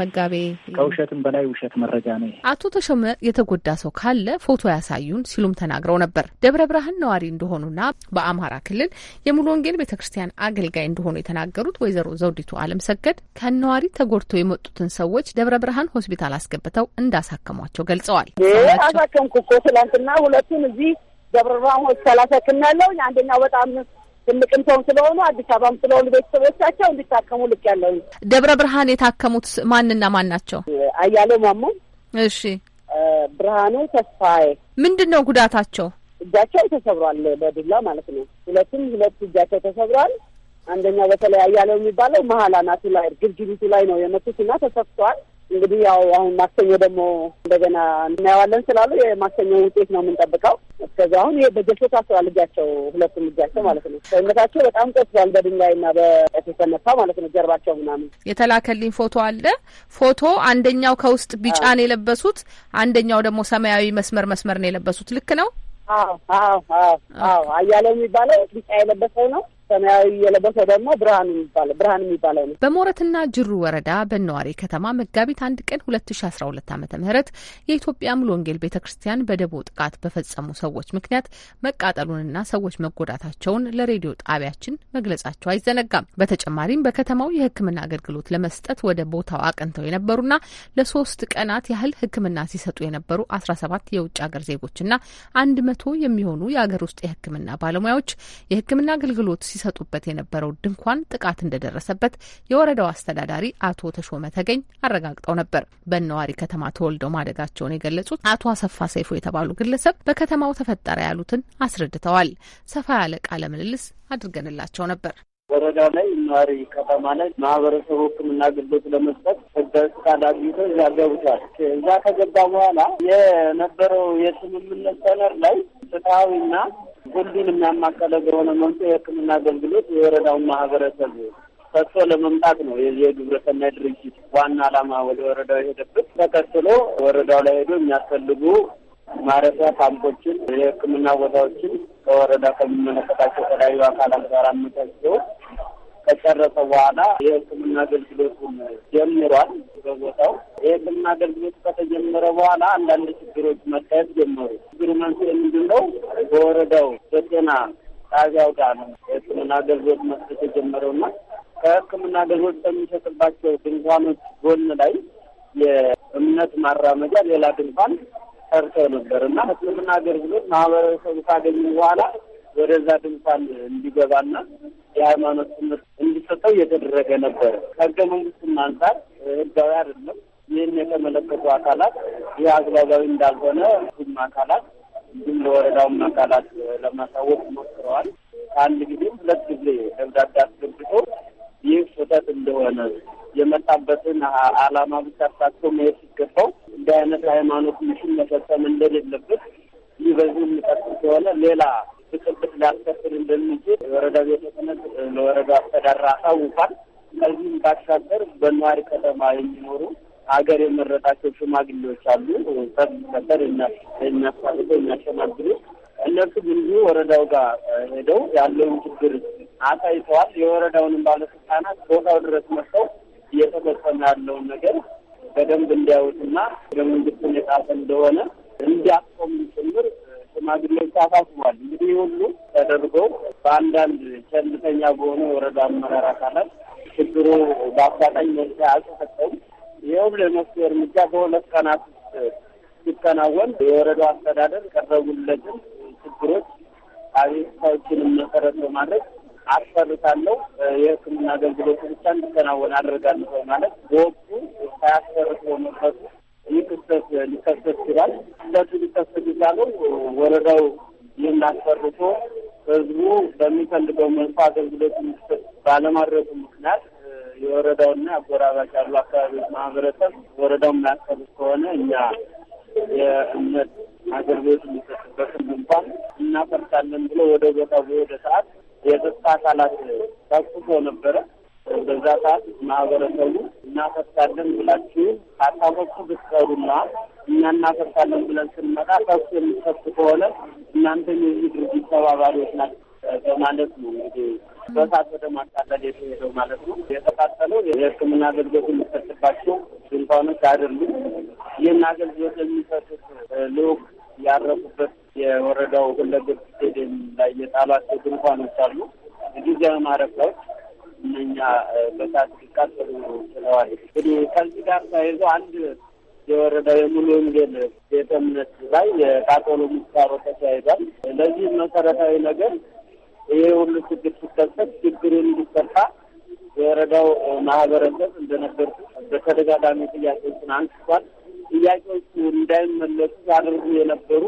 መጋቤ ከውሸትም በላይ ውሸት መረጃ ነው። አቶ ተሾመ የተጎዳ ሰው ካለ ፎቶ ያሳዩን ሲሉም ተናግረው ነበር። ደብረ ብርሃን ነዋሪ እንደሆኑና በአማራ ክልል የሙሉ ወንጌል ቤተ ክርስቲያን አገልጋይ እንደሆኑ የተናገሩት ወይዘሮ ዘውዲቱ አለም ሰገድ ከነዋሪ ተጎድተው የመጡትን ሰዎች ደብረ ብርሃን ሆስፒታል አስገብተው እንዳሳከሟቸው ገልጸዋል። አሳከምኩ እኮ ትላንትና ሁለቱን እዚህ ደብረ ብርሃን ሆስፒታል አሳክሜያለሁ። አንደኛው በጣም ትልቅም ሰውም ስለሆኑ አዲስ አበባም ስለሆኑ ቤተሰቦቻቸው እንዲታከሙ ልክ ያለው ደብረ ብርሃን የታከሙት ማንና ማን ናቸው? አያሌው ማሞ፣ እሺ፣ ብርሃኑ ተስፋዬ። ምንድን ነው ጉዳታቸው? እጃቸው ተሰብሯል፣ በዱላ ማለት ነው። ሁለቱም ሁለት እጃቸው ተሰብሯል። አንደኛው በተለይ አያሌው የሚባለው መሀል አናቱ ላይ ግርግሪቱ ላይ ነው የመቱት እና ተሰፍቷል። እንግዲህ ያው አሁን ማክሰኞ ደግሞ እንደገና እናየዋለን ስላሉ የማክሰኞ ውጤት ነው የምንጠብቀው። እስከዚ አሁን ይሄ በጀሶ ታስሯል። እጃቸው ሁለቱም እጃቸው ማለት ነው ሰውነታቸው በጣም ቆስሏል። በድንጋይና በቀት የተመታ ማለት ነው ጀርባቸው ምናምን። የተላከልኝ ፎቶ አለ። ፎቶ አንደኛው ከውስጥ ቢጫ ነው የለበሱት፣ አንደኛው ደግሞ ሰማያዊ መስመር መስመር ነው የለበሱት። ልክ ነው? አዎ አዎ አዎ አዎ። አያለው የሚባለው ቢጫ የለበሰው ነው ሰማያዊ የለበሰው ደግሞ ብርሃን የሚባለው ብርሃን የሚባለው ነው። በሞረትና ጅሩ ወረዳ በነዋሪ ከተማ መጋቢት አንድ ቀን ሁለት ሺ አስራ ሁለት አመተ ምህረት የኢትዮጵያ ሙሉ ወንጌል ቤተ ክርስቲያን በደቦ ጥቃት በፈጸሙ ሰዎች ምክንያት መቃጠሉንና ሰዎች መጎዳታቸውን ለሬዲዮ ጣቢያችን መግለጻቸው አይዘነጋም። በተጨማሪም በከተማው የሕክምና አገልግሎት ለመስጠት ወደ ቦታው አቅንተው የነበሩና ለሶስት ቀናት ያህል ሕክምና ሲሰጡ የነበሩ አስራ ሰባት የውጭ ሀገር ዜጎችና አንድ መቶ የሚሆኑ የሀገር ውስጥ የሕክምና ባለሙያዎች የሕክምና አገልግሎት ይሰጡበት የነበረው ድንኳን ጥቃት እንደደረሰበት የወረዳው አስተዳዳሪ አቶ ተሾመ ተገኝ አረጋግጠው ነበር። በነዋሪ ከተማ ተወልደው ማደጋቸውን የገለጹት አቶ አሰፋ ሰይፎ የተባሉ ግለሰብ በከተማው ተፈጠረ ያሉትን አስረድተዋል። ሰፋ ያለ ቃለ ምልልስ አድርገንላቸው ነበር። ወረዳ ላይ ነዋሪ ከተማ ላይ ማህበረሰቡ ሕክምና አገልግሎት ለመስጠት ፈቃድ አግኝቶ እዛ ገብቷል። እዛ ከገባ በኋላ የነበረው የስምምነት ሰነድ ላይ ፍትሐዊና ሁሉንም ያማከለ በሆነ መልኩ የሕክምና አገልግሎት የወረዳውን ማህበረሰብ ከሶ ለመምጣት ነው የግብረሰናይ ድርጅት ዋና ዓላማ ወደ ወረዳው የሄደበት። ተከትሎ ወረዳው ላይ ሄዶ የሚያስፈልጉ ማረፊያ ካምፖችን፣ የሕክምና ቦታዎችን ከወረዳ ከሚመለከታቸው የተለያዩ አካላት ጋር አመቻችተው ከጨረሰ በኋላ የሕክምና አገልግሎቱን ጀምሯል በቦታው። የሕክምና አገልግሎቱ ከተጀመረ በኋላ አንዳንድ ችግሮች መታየት ጀመሩ። ችግሩ መንስኤ ምንድን ነው? በወረዳው በጤና ጣቢያው ጋር ነው የሕክምና አገልግሎት መስጠት የጀመረውና ከሕክምና አገልግሎት በሚሰጥባቸው ድንኳኖች ጎን ላይ የእምነት ማራመጃ ሌላ ድንኳን ሰርተው ነበር እና ሕክምና አገልግሎት ማህበረሰቡ ካገኙ በኋላ ወደዛ ድንኳን እንዲገባና የሃይማኖት ትምህርት እንዲሰጠው እየተደረገ ነበረ። ከህገ መንግስትም አንጻር ህጋዊ አይደለም። ይህን የተመለከቱ አካላት ይህ አግባባዊ እንዳልሆነ ሁሉም አካላት እንዲሁም ለወረዳውም አካላት ለማሳወቅ ሞክረዋል። ከአንድ ጊዜም ሁለት ጊዜ ደብዳቤ አስገብቶ ይህ ስህተት እንደሆነ የመጣበትን አላማ ብቻ አሳክቶ መሄድ ሲገባው እንደ አይነት ሃይማኖት ሚሽን መፈጸም እንደሌለበት ይህ በዚህ የሚቀጥል ከሆነ ሌላ ሊያስከትል እንደሚችል ወረዳ ቤተ ክህነት ለወረዳ አስተዳደር አሳውቋል። ከዚህም ባሻገር በነዋሪ ከተማ የሚኖሩ ሀገር የመረጣቸው ሽማግሌዎች አሉ። ሰብሰበር የሚያስፋልገው የሚያሸማግሉ እነሱም እንዲሁ ወረዳው ጋር ሄደው ያለውን ችግር አሳይተዋል። የወረዳውንም ባለስልጣናት ቦታው ድረስ መጥተው እየተፈጸመ ያለውን ነገር በደንብ እንዲያዩትና ለመንግስት የጣሰ እንደሆነ እንዲያቆሙ ጭምር ሽማግሌዎች አሳስቧል። እንግዲህ ሁሉ ተደርገው በአንዳንድ ቸልተኛ በሆኑ ወረዳ አመራር አካላት ችግሩ በአፋጣኝ መፍትሄ አልተሰጠውም። ይኸውም ለመፍትሄ እርምጃ በሁለት ቀናት ውስጥ ሲከናወን የወረዳው አስተዳደር ቀረቡለትን ችግሮች አቤቱታዎችንም መሰረት በማድረግ አሰርታለሁ የሕክምና አገልግሎቱ ብቻ እንዲከናወን አድርጋለሁ ማለት በወቅቱ ሳያስፈርት በመፈቱ ይህ ክስተት ሊከሰት ይችላል። ክስተቱ ሊከሰት ይቻለው ወረዳው ይህን አስፈርቶ ህዝቡ በሚፈልገው መልኩ አገልግሎት እንዲሰጥ ባለማድረጉ ምክንያት የወረዳውና አጎራባች ያሉ አካባቢዎች ማህበረሰብ ወረዳው የሚያስፈርስ ከሆነ እኛ የእምነት አገልግሎት የሚሰጥበትን እንኳን እናፈርሳለን ብሎ ወደ ቦታ ወደ ሰዓት የጸጥታ አካላት ታቁሰው ነበረ። በዛ ሰዓት ማህበረሰቡ እናፈታለን ብላችሁ ሀሳቦቹ ብትሰሩና እኛ እናፈታለን ብለን ስንመጣ ከሱ የሚሰጡ ከሆነ እናንተም የዚህ ድርጅት ተባባሪዎች ናቸው በማለት ነው እንግዲህ በሳት ወደ ማቃለል የተሄደው ማለት ነው። የተቃጠለው የሕክምና አገልግሎት የሚሰጥባቸው ድንኳኖች አይደሉም። ይህን አገልግሎት የሚሰጡት ልዑክ ያረፉበት የወረዳው ሁለገብ ስቴዲየም ላይ የጣሏቸው ድንኳኖች አሉ፣ ጊዜያዊ ማረፊያዎች እነኛ በሳት ሲቃጠሉ ስለዋል። እንግዲህ ከዚህ ጋር ተያይዞ አንድ የወረዳ የሙሉ ወንጌል ቤተ እምነት ላይ የቃጠሎ ምሳሮ ተካሂዷል። ለዚህ መሰረታዊ ነገር ይሄ ሁሉ ችግር ሲከሰት ችግሩ እንዲፈታ የወረዳው ማህበረሰብ እንደነገርኩ በተደጋጋሚ ጥያቄዎችን አንስቷል። ጥያቄዎቹ እንዳይመለሱ አድርጉ የነበሩ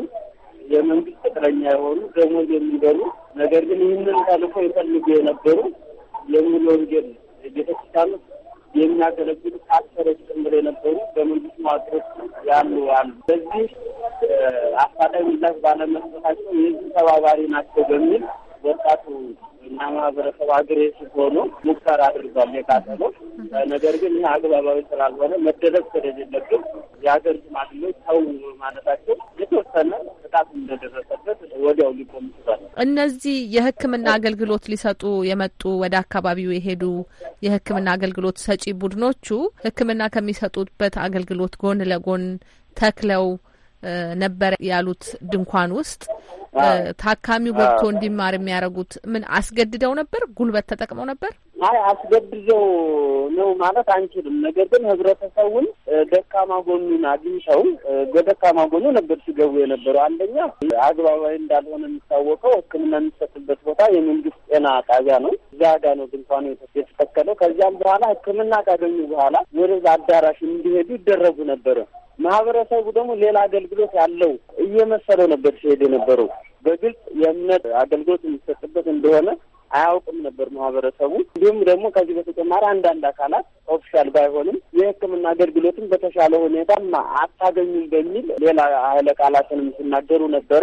የመንግስት ቅጥረኛ የሆኑ ደሞዝ የሚበሉ ነገር ግን ይህንን ተልፎ ይፈልጉ የነበሩ የሙሉ ወንጌል ቤተክርስቲያን የሚያገለግሉ ታሰሮች ጭምር የነበሩ በመንግስት መዋቅሮች ያሉ አሉ። በዚህ አፋጣኝ ምላሽ ባለመስጠታቸው የዚህ ተባባሪ ናቸው በሚል ወጣቱ እና ማህበረሰብ አግሬሲቭ ሆኖ ሙከራ አድርጓል የቃጠሎ ነገር ግን ይህ አግባባዊ ስላልሆነ መደረግ ስለሌለብን የሀገር ሽማግሌዎች ሰው ማለታቸው የተወሰነ ጥቃት እንደደረሰበት ወዲያው ሊቆም ይችላል። እነዚህ የህክምና አገልግሎት ሊሰጡ የመጡ ወደ አካባቢው የሄዱ የህክምና አገልግሎት ሰጪ ቡድኖቹ ህክምና ከሚሰጡበት አገልግሎት ጎን ለጎን ተክለው ነበረ ያሉት ድንኳን ውስጥ ታካሚው ገብቶ እንዲማር የሚያደርጉት ምን አስገድደው ነበር? ጉልበት ተጠቅመው ነበር? አይ አስገድደው ነው ማለት አንችልም። ነገር ግን ህብረተሰቡን ደካማ ጎኑን አግኝተው በደካማ ጎኑ ነበር ሲገቡ የነበረው። አንደኛ አግባባዊ እንዳልሆነ የሚታወቀው ሕክምና የሚሰጥበት ቦታ የመንግስት ጤና ጣቢያ ነው። እዛ ጋ ነው ድንኳኑ የተተከለው። ከዚያም በኋላ ሕክምና ካገኙ በኋላ ወደዛ አዳራሽ እንዲሄዱ ይደረጉ ነበረ። ማህበረሰቡ ደግሞ ሌላ አገልግሎት ያለው እየመሰለው ነበር ሲሄድ የነበረው። በግልጽ የእምነት አገልግሎት የሚሰጥበት እንደሆነ አያውቅም ነበር ማህበረሰቡ። እንዲሁም ደግሞ ከዚህ በተጨማሪ አንዳንድ አካላት ኦፊሻል ባይሆንም የሕክምና አገልግሎትም በተሻለ ሁኔታ አታገኙም በሚል ሌላ ኃይለ ቃላትንም ሲናገሩ ነበረ።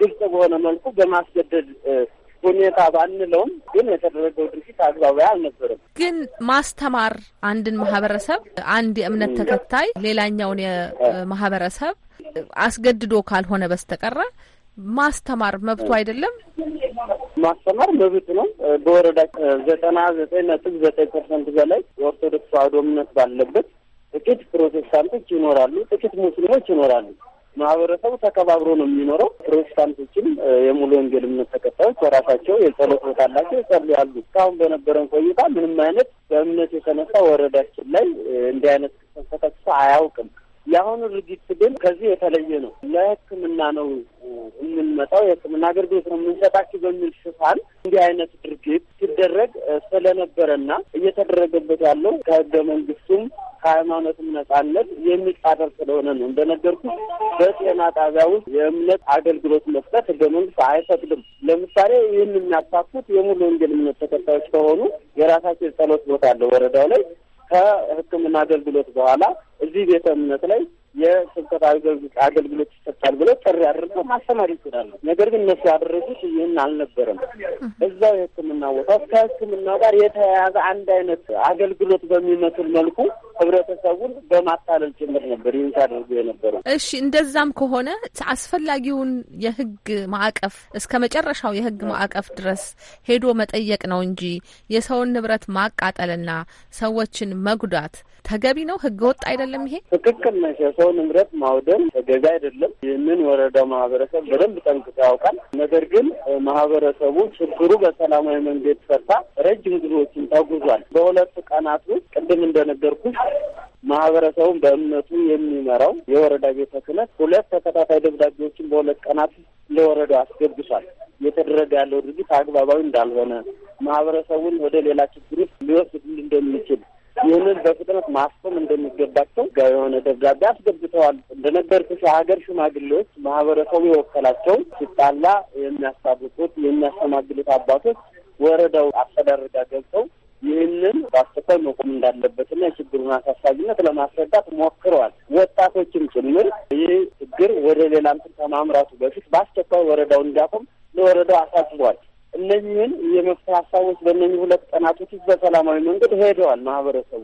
ግልጽ በሆነ መልኩ በማስገደድ ሁኔታ ባንለውም ግን የተደረገው ድርጊት አግባባዊ አልነበረም። ግን ማስተማር አንድን ማህበረሰብ አንድ የእምነት ተከታይ ሌላኛውን የማህበረሰብ አስገድዶ ካልሆነ በስተቀረ ማስተማር መብቱ አይደለም። ማስተማር መብት ነው። በወረዳ ዘጠና ዘጠኝ ነጥብ ዘጠኝ ፐርሰንት በላይ የኦርቶዶክስ ተዋህዶ እምነት ባለበት ጥቂት ፕሮቴስታንቶች ይኖራሉ፣ ጥቂት ሙስሊሞች ይኖራሉ። ማህበረሰቡ ተከባብሮ ነው የሚኖረው። ፕሮቴስታንቶችም የሙሉ ወንጌል እምነት ተከታዮች በራሳቸው የጸሎት ቦታ አላቸው፣ ይጸልያሉ። እስካሁን በነበረን ቆይታ ምንም አይነት በእምነት የተነሳ ወረዳችን ላይ እንዲህ አይነት ተከስቶ አያውቅም። የአሁኑ ድርጊት ግን ከዚህ የተለየ ነው። ለሕክምና ነው የምንመጣው፣ የሕክምና አገልግሎት ነው የምንሰጣችሁ በሚል ሽፋን እንዲህ አይነት ድርጊት ሲደረግ ስለነበረና እየተደረገበት ያለው ከህገ መንግስቱም ከሃይማኖትም ነጻነት የሚጻረር ስለሆነ ነው። እንደነገርኩ በጤና ጣቢያ ውስጥ የእምነት አገልግሎት መስጠት ህገ መንግስት አይፈቅድም። ለምሳሌ ይህን የሚያሳኩት የሙሉ ወንጌል እምነት ተከታዮች ከሆኑ የራሳቸው የጸሎት ቦታ አለ ወረዳው ላይ ከሕክምና አገልግሎት በኋላ እዚህ ቤተ እምነት ላይ የስብከት አገልግሎት ይሰጣል ብሎ ጥሪ አድርገው ማስተማር ይችላሉ። ነገር ግን እነሱ ያደረጉት ይህን አልነበረም። እዛው የህክምና ቦታ ከህክምና ጋር የተያያዘ አንድ አይነት አገልግሎት በሚመስል መልኩ ህብረተሰቡን በማታለል ጭምር ነበር ይህን ሲያደርጉ የነበረው። እሺ እንደዛም ከሆነ አስፈላጊውን የህግ ማዕቀፍ እስከ መጨረሻው የህግ ማዕቀፍ ድረስ ሄዶ መጠየቅ ነው እንጂ የሰውን ንብረት ማቃጠልና ሰዎችን መጉዳት ተገቢ ነው? ህገ ወጥ አይደለም? ይሄ ትክክል ነሽ። የሰው ንብረት ማውደም ተገቢ አይደለም። ይህንን ወረዳው ማህበረሰብ በደንብ ጠንቅቆ ያውቃል። ነገር ግን ማህበረሰቡ ችግሩ በሰላማዊ መንገድ ፈታ ረጅም ጉዞዎችን ተጉዟል። በሁለቱ ቀናት ውስጥ ቅድም እንደነገርኩሽ ማህበረሰቡን በእምነቱ የሚመራው የወረዳ ቤተ ክህነት ሁለት ተከታታይ ደብዳቤዎችን በሁለት ቀናት ለወረዳው አስገብቷል። እየተደረገ ያለው ድርጊት አግባባዊ እንዳልሆነ ማህበረሰቡን ወደ ሌላ ችግር ውስጥ ሊወስድ እንደሚችል ይህንን በፍጥነት ማስቆም እንደሚገባቸው ጋ የሆነ ደብዳቤ አስገብተዋል። እንደነገርኩሽ የሀገር ሽማግሌዎች ማህበረሰቡ የወከላቸው ሲጣላ የሚያስታርቁት የሚያስተማግሉት አባቶች ወረዳው አስተዳደር ጋር ገብተው ይህንን በአስቸኳይ መቆም እንዳለበትና የችግሩን አሳሳቢነት ለማስረዳት ሞክረዋል። ወጣቶችም ጭምር ይህ ችግር ወደ ሌላ እንትን ከማምራቱ በፊት በአስቸኳይ ወረዳው እንዲያቆም ለወረዳው አሳስቧል። እነዚህን የመፍትሄ ሀሳቦች በእነዚህ ሁለት ቀናቶች ውስጥ በሰላማዊ መንገድ ሄደዋል። ማህበረሰቡ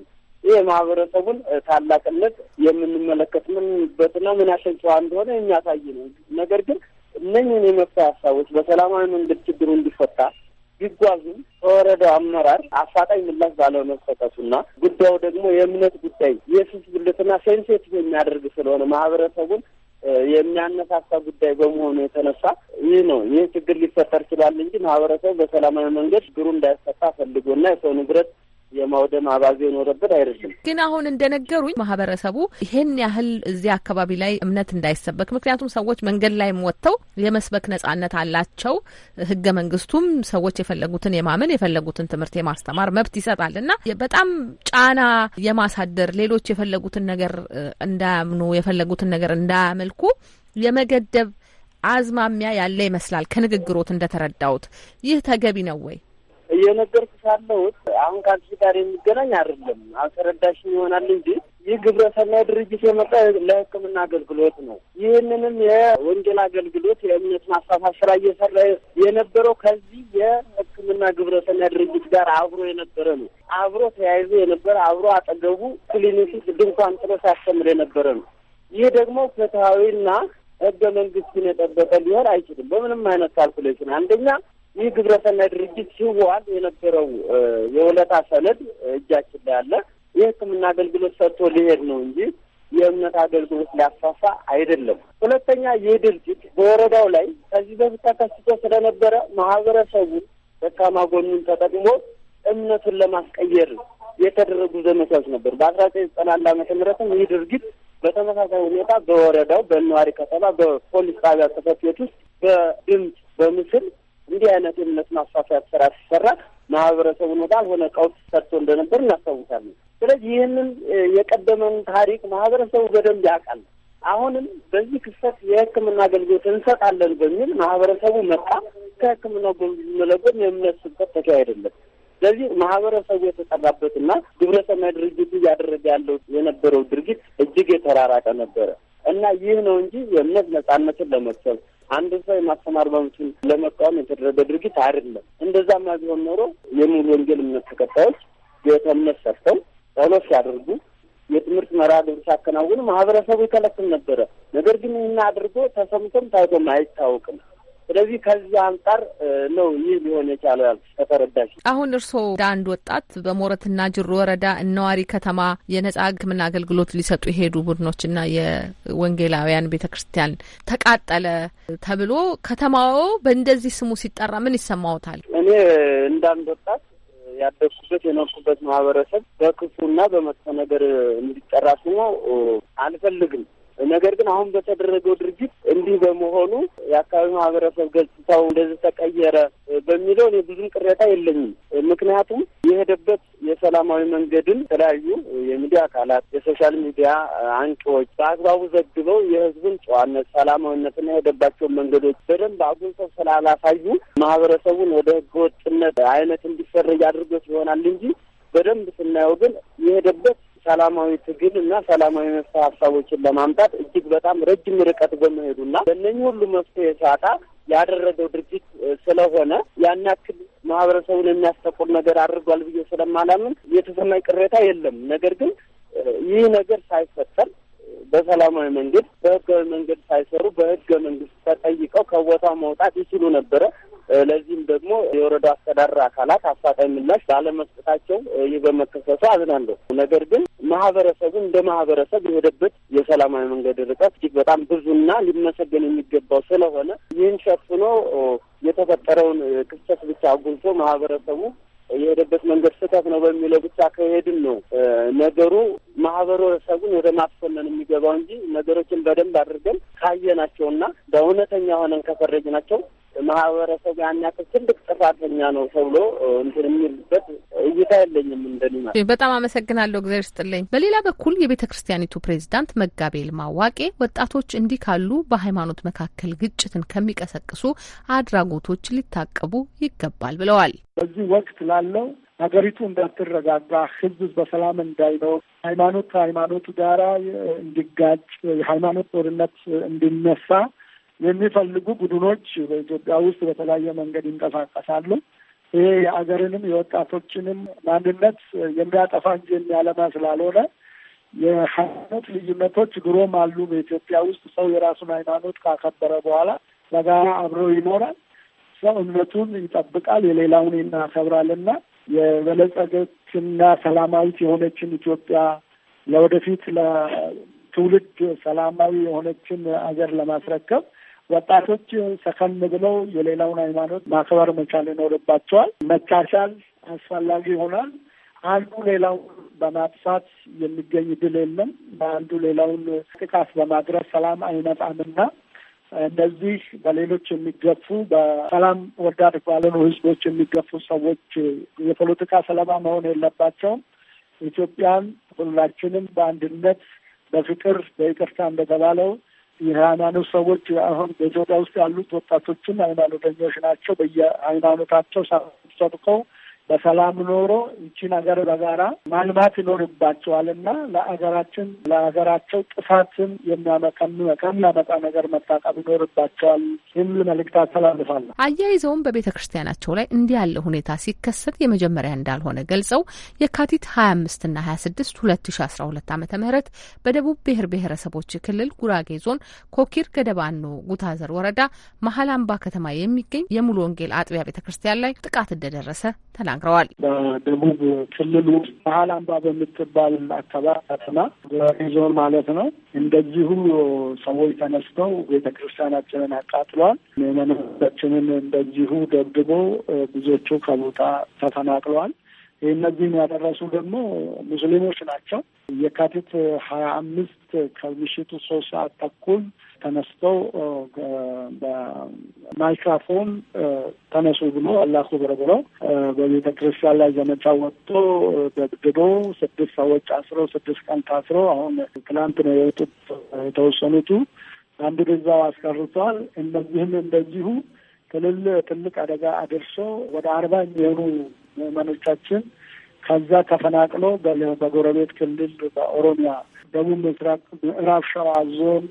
ይህ የማህበረሰቡን ታላቅነት የምንመለከት ምንበትና ምን ያሸንጨዋ እንደሆነ የሚያሳይ ነው። ነገር ግን እነኝህን የመፍትሄ ሀሳቦች በሰላማዊ መንገድ ችግሩ እንዲፈታ ቢጓዙም ከወረዳው አመራር አፋጣኝ ምላሽ ባለመሰጠቱና ጉዳዩ ደግሞ የእምነት ጉዳይ የስስብልትና ሴንሴቲቭ የሚያደርግ ስለሆነ ማህበረሰቡን የሚያነሳሳ ጉዳይ በመሆኑ የተነሳ ይህ ነው ይህ ችግር ሊፈጠር ይችላል እንጂ ማህበረሰቡ በሰላማዊ መንገድ ችግሩ እንዳይፈታ ፈልጎና የሰው ንብረት የማውደም አባዜ የኖረበት አይደለም። ግን አሁን እንደነገሩኝ ማህበረሰቡ ይሄን ያህል እዚያ አካባቢ ላይ እምነት እንዳይሰበክ፣ ምክንያቱም ሰዎች መንገድ ላይም ወጥተው የመስበክ ነጻነት አላቸው። ህገ መንግስቱም ሰዎች የፈለጉትን የማመን የፈለጉትን ትምህርት የማስተማር መብት ይሰጣል እና በጣም ጫና የማሳደር ሌሎች የፈለጉትን ነገር እንዳያምኑ የፈለጉትን ነገር እንዳያመልኩ የመገደብ አዝማሚያ ያለ ይመስላል። ከንግግሮት እንደተረዳሁት ይህ ተገቢ ነው ወይ? የነገርኩ ሳለሁት አሁን ከአንቺ ጋር የሚገናኝ አይደለም፣ አልተረዳሽም ይሆናል እንጂ ይህ ግብረ ድርጅት የመጣ ለሕክምና አገልግሎት ነው። ይህንንም የወንጌል አገልግሎት የእምነት ማስፋፋት ስራ እየሰራ የነበረው ከዚህ የሕክምና ግብረ ድርጅት ጋር አብሮ የነበረ ነው። አብሮ ተያይዞ የነበረ አብሮ አጠገቡ ክሊኒክ ድንኳን ጥሎ ሲያስተምር የነበረ ነው። ይህ ደግሞ ፍትሐዊና ሕገ መንግስትን የጠበቀ ሊሆን አይችልም። በምንም አይነት ካልኩሌሽን አንደኛ ይህ ግብረሰናይ ድርጅት ሲዋል የነበረው የውለታ ሰነድ እጃችን ላይ አለ። የሕክምና አገልግሎት ሰጥቶ ሊሄድ ነው እንጂ የእምነት አገልግሎት ሊያፋፋ አይደለም። ሁለተኛ ይህ ድርጅት በወረዳው ላይ ከዚህ በፊት ተከስቶ ስለነበረ ማህበረሰቡን ደካማ ጎኑን ተጠቅሞ እምነቱን ለማስቀየር የተደረጉ ዘመቻዎች ነበር በአስራ ዘጠኝ ዘጠና አንድ ዓመተ ምህረትም ይህ ድርጊት በተመሳሳይ ሁኔታ በወረዳው በነዋሪ ከተማ በፖሊስ ጣቢያ ጽሕፈት ቤት ውስጥ በድምፅ በምስል እንዲህ አይነት የእምነት ማስፋፊያ ስራ ሲሰራ ማህበረሰቡን ወዳልሆነ ቀውስ ሰርቶ እንደነበር እናስታውሳለን። ስለዚህ ይህንን የቀደመን ታሪክ ማህበረሰቡ በደንብ ያውቃል። አሁንም በዚህ ክስተት የሕክምና አገልግሎት እንሰጣለን በሚል ማህበረሰቡ መጣ። ከሕክምና ጎን መለጎን የእምነት ስብከት ተካሄደለት። ስለዚህ ማህበረሰቡ የተጠራበትና ግብረሰናይ ድርጅቱ እያደረገ ያለው የነበረው ድርጊት እጅግ የተራራቀ ነበረ እና ይህ ነው እንጂ የእምነት ነጻነትን ለመሰብ ። አንድ ሰው የማስተማር መብቱን ለመቃወም የተደረገ ድርጊት አይደለም። እንደዛማ ቢሆን ኖሮ የሙሉ ወንጌል እምነት ተከታዮች ቤተ እምነት ሰርተው ጸሎት ሲያደርጉ የትምህርት መርሃ ግብር ሲያከናውኑ ማህበረሰቡ ይከለክል ነበረ። ነገር ግን ይህን አድርጎ ተሰምቶም ታይቶም አይታወቅም። ስለዚህ ከዚህ አንጻር ነው ይህ ሊሆን የቻለው ያልኩሽ ከተረዳሽ። አሁን እርስዎ እንደ አንድ ወጣት በሞረትና ጅሩ ወረዳ እነዋሪ ከተማ የነጻ ሕክምና አገልግሎት ሊሰጡ የሄዱ ቡድኖችና የወንጌላውያን ቤተ ክርስቲያን ተቃጠለ ተብሎ ከተማው በእንደዚህ ስሙ ሲጠራ ምን ይሰማዎታል? እኔ እንደ አንድ ወጣት ያደግኩበት የኖርኩበት ማህበረሰብ በክፉና በመጥፎ ነገር እንዲጠራ ስሙ አልፈልግም። ነገር ግን አሁን በተደረገው ድርጊት እንዲህ በመሆኑ የአካባቢ ማህበረሰብ ገጽታው እንደዚህ ተቀየረ በሚለው እኔ ብዙም ቅሬታ የለኝም። ምክንያቱም የሄደበት የሰላማዊ መንገድን የተለያዩ የሚዲያ አካላት፣ የሶሻል ሚዲያ አንቂዎች በአግባቡ ዘግበው የህዝብን ጨዋነት፣ ሰላማዊነትና የሄደባቸውን መንገዶች በደንብ አጉልተው ስላላሳዩ ማህበረሰቡን ወደ ህገወጥነት አይነት እንዲፈረጅ አድርጎት ይሆናል እንጂ በደንብ ስናየው ግን የሄደበት ሰላማዊ ትግል እና ሰላማዊ መፍትሄ ሀሳቦችን ለማምጣት እጅግ በጣም ረጅም ርቀት በመሄዱና በእነኚህ ሁሉ መፍትሄ ሳጣ ያደረገው ድርጊት ስለሆነ ያን ያክል ማህበረሰቡን የሚያስተቁር ነገር አድርጓል ብዬ ስለማላምን የተሰማኝ ቅሬታ የለም። ነገር ግን ይህ ነገር ሳይፈጠር በሰላማዊ መንገድ በህጋዊ መንገድ ሳይሰሩ በህገ መንግስት ተጠይቀው ከቦታው መውጣት ይችሉ ነበረ። ለዚህም ደግሞ የወረዳ አስተዳደር አካላት አፋጣኝ ምላሽ ባለመስጠታቸው ይህ በመከሰቱ አዝናለሁ። ነገር ግን ማህበረሰቡ እንደ ማህበረሰብ የሄደበት የሰላማዊ መንገድ ርቀት እጅግ በጣም ብዙና ሊመሰገን የሚገባው ስለሆነ ይህን ሸፍኖ የተፈጠረውን ክስተት ብቻ አጉልቶ ማህበረሰቡ የሄደበት መንገድ ስህተት ነው በሚለው ብቻ ከሄድን ነው ነገሩ ማህበረሰቡን ወደ ማስኮነን የሚገባው እንጂ ነገሮችን በደንብ አድርገን ካየናቸውና በእውነተኛ ሆነን ከፈረጅናቸው ማህበረሰብ ያን ያክል ትልቅ ጥፋተኛ ነው ተብሎ እንትን የሚልበት እይታ የለኝም እንደኔ በጣም አመሰግናለሁ። እግዚአብሔር ስጥልኝ። በሌላ በኩል የቤተ ክርስቲያኒቱ ፕሬዚዳንት መጋቤ ይልማ ወጣቶች እንዲህ ካሉ በሃይማኖት መካከል ግጭትን ከሚቀሰቅሱ አድራጎቶች ሊታቀቡ ይገባል ብለዋል። በዚህ ወቅት ላለው ሀገሪቱ እንዳትረጋጋ፣ ህዝብ በሰላም እንዳይኖር፣ ሃይማኖት ከሃይማኖቱ ጋራ እንዲጋጭ፣ የሃይማኖት ጦርነት እንዲነሳ የሚፈልጉ ቡድኖች በኢትዮጵያ ውስጥ በተለያየ መንገድ ይንቀሳቀሳሉ። ይሄ የአገርንም የወጣቶችንም ማንነት የሚያጠፋ እንጂ የሚያለማ ስላልሆነ የሃይማኖት ልዩነቶች ድሮም አሉ በኢትዮጵያ ውስጥ። ሰው የራሱን ሃይማኖት ካከበረ በኋላ በጋራ አብሮ ይኖራል። ሰው እምነቱን ይጠብቃል፣ የሌላውን እናከብራልና የበለጸገችና ሰላማዊት የሆነችን ኢትዮጵያ ለወደፊት ለትውልድ ሰላማዊ የሆነችን አገር ለማስረከብ ወጣቶች ሰከን ብለው የሌላውን ሃይማኖት ማክበር መቻል ይኖርባቸዋል። መቻቻል አስፈላጊ ይሆናል። አንዱ ሌላውን በማጥፋት የሚገኝ ድል የለም። በአንዱ ሌላውን ጥቃት በማድረስ ሰላም አይመጣምና እነዚህ በሌሎች የሚገፉ በሰላም ወዳድ ባልሆኑ ህዝቦች የሚገፉ ሰዎች የፖለቲካ ሰለባ መሆን የለባቸውም። ኢትዮጵያን ሁላችንም በአንድነት በፍቅር በይቅርታ እንደተባለው የሃይማኖት ሰዎች አሁን በኢትዮጵያ ውስጥ ያሉት ወጣቶችም ሃይማኖተኞች ናቸው። በየሃይማኖታቸው ሰብከው በሰላም ኖሮ ይቺን ሀገር በጋራ ማልማት ይኖርባቸዋል እና ለሀገራችን ለሀገራቸው ጥፋትን ከሚያመጣ ነገር መታቀብ ይኖርባቸዋል የሚል መልእክት አስተላልፋለሁ። አያይዘውም በቤተ ክርስቲያናቸው ላይ እንዲህ ያለ ሁኔታ ሲከሰት የመጀመሪያ እንዳልሆነ ገልጸው የካቲት ሀያ አምስት ና ሀያ ስድስት ሁለት ሺ አስራ ሁለት አመተ ምህረት በደቡብ ብሔር ብሔረሰቦች ክልል ጉራጌ ዞን ኮኪር ገደባኖ ጉታዘር ወረዳ መሀል አምባ ከተማ የሚገኝ የሙሉ ወንጌል አጥቢያ ቤተ ክርስቲያን ላይ ጥቃት እንደደረሰ ተናግረዋል። ተናግረዋል። በደቡብ ክልል ውስጥ መሀል አምባ በምትባል አካባቢ ከተማ ዞን ማለት ነው። እንደዚሁ ሰዎች ተነስተው ቤተክርስቲያናችንን አቃጥሏል። ምዕመናችንን እንደዚሁ ደብድቦ ብዙዎቹ ከቦታ ተፈናቅለዋል። እነዚህን ያደረሱ ደግሞ ሙስሊሞች ናቸው። የካቲት ሀያ አምስት ከምሽቱ ሶስት ሰዓት ተኩል ተነስተው በማይክራፎን ተነሱ ብሎ አላሁ አክበር ብሎ በቤተ ክርስቲያን ላይ ዘመቻ ወጥቶ ደብድቦ ስድስት ሰዎች አስሮ ስድስት ቀን ታስሮ አሁን ትላንት ነው የወጡት የተወሰኑቱ አንዱ እዛው አስቀርቷል። እነዚህም እንደዚሁ ትልል ትልቅ አደጋ አድርሶ ወደ አርባ የሚሆኑ ምዕመኖቻችን ከዛ ተፈናቅሎ በጎረቤት ክልል በኦሮሚያ ደቡብ ምስራቅ ምዕራብ ሸዋ ዞን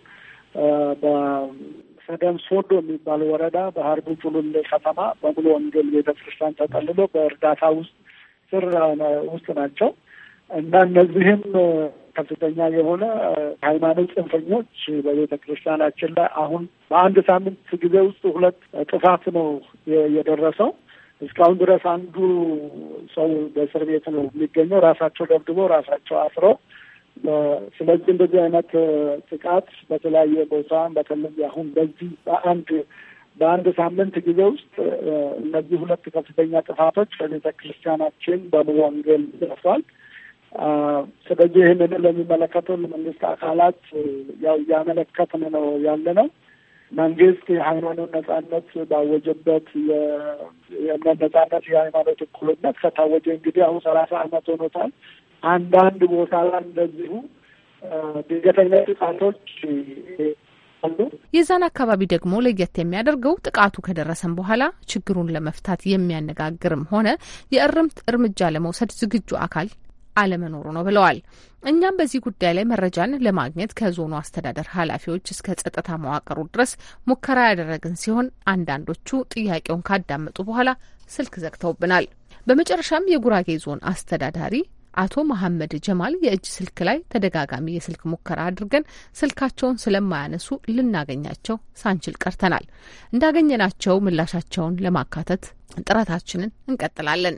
በሰደም ሶዶ የሚባል ወረዳ በሀርቡ ጩሉል ከተማ በሙሉ ወንጌል ቤተክርስቲያን ተጠልሎ በእርዳታ ውስጥ ስር ውስጥ ናቸው እና እነዚህም ከፍተኛ የሆነ ሃይማኖት ጽንፈኞች በቤተ ክርስቲያናችን ላይ አሁን በአንድ ሳምንት ጊዜ ውስጥ ሁለት ጥፋት ነው የደረሰው። እስካሁን ድረስ አንዱ ሰው በእስር ቤት ነው የሚገኘው። ራሳቸው ደብድበው ራሳቸው አስረው። ስለዚህ እንደዚህ አይነት ጥቃት በተለያየ ቦታ በተለይ አሁን በዚህ በአንድ በአንድ ሳምንት ጊዜ ውስጥ እነዚህ ሁለት ከፍተኛ ጥፋቶች በቤተ ክርስቲያናችን በወንጌል ደርሷል። ስለዚህ ይህንን ለሚመለከቱ መንግስት አካላት ያው እያመለከትን ነው ያለ ነው። መንግስት የሃይማኖት ነጻነት ባወጀበት የእምነት ነጻነት የሃይማኖት እኩልነት ከታወጀ እንግዲህ አሁን ሰላሳ አመት ሆኖታል። አንዳንድ ቦታ ላይ እንደዚሁ ድንገተኛ ጥቃቶች የዛን አካባቢ ደግሞ ለየት የሚያደርገው ጥቃቱ ከደረሰም በኋላ ችግሩን ለመፍታት የሚያነጋግርም ሆነ የእርምት እርምጃ ለመውሰድ ዝግጁ አካል አለመኖሩ ነው ብለዋል። እኛም በዚህ ጉዳይ ላይ መረጃን ለማግኘት ከዞኑ አስተዳደር ኃላፊዎች እስከ ጸጥታ መዋቅሩ ድረስ ሙከራ ያደረግን ሲሆን አንዳንዶቹ ጥያቄውን ካዳመጡ በኋላ ስልክ ዘግተውብናል። በመጨረሻም የጉራጌ ዞን አስተዳዳሪ አቶ መሐመድ ጀማል የእጅ ስልክ ላይ ተደጋጋሚ የስልክ ሙከራ አድርገን ስልካቸውን ስለማያነሱ ልናገኛቸው ሳንችል ቀርተናል። እንዳገኘናቸው ምላሻቸውን ለማካተት ጥረታችንን እንቀጥላለን።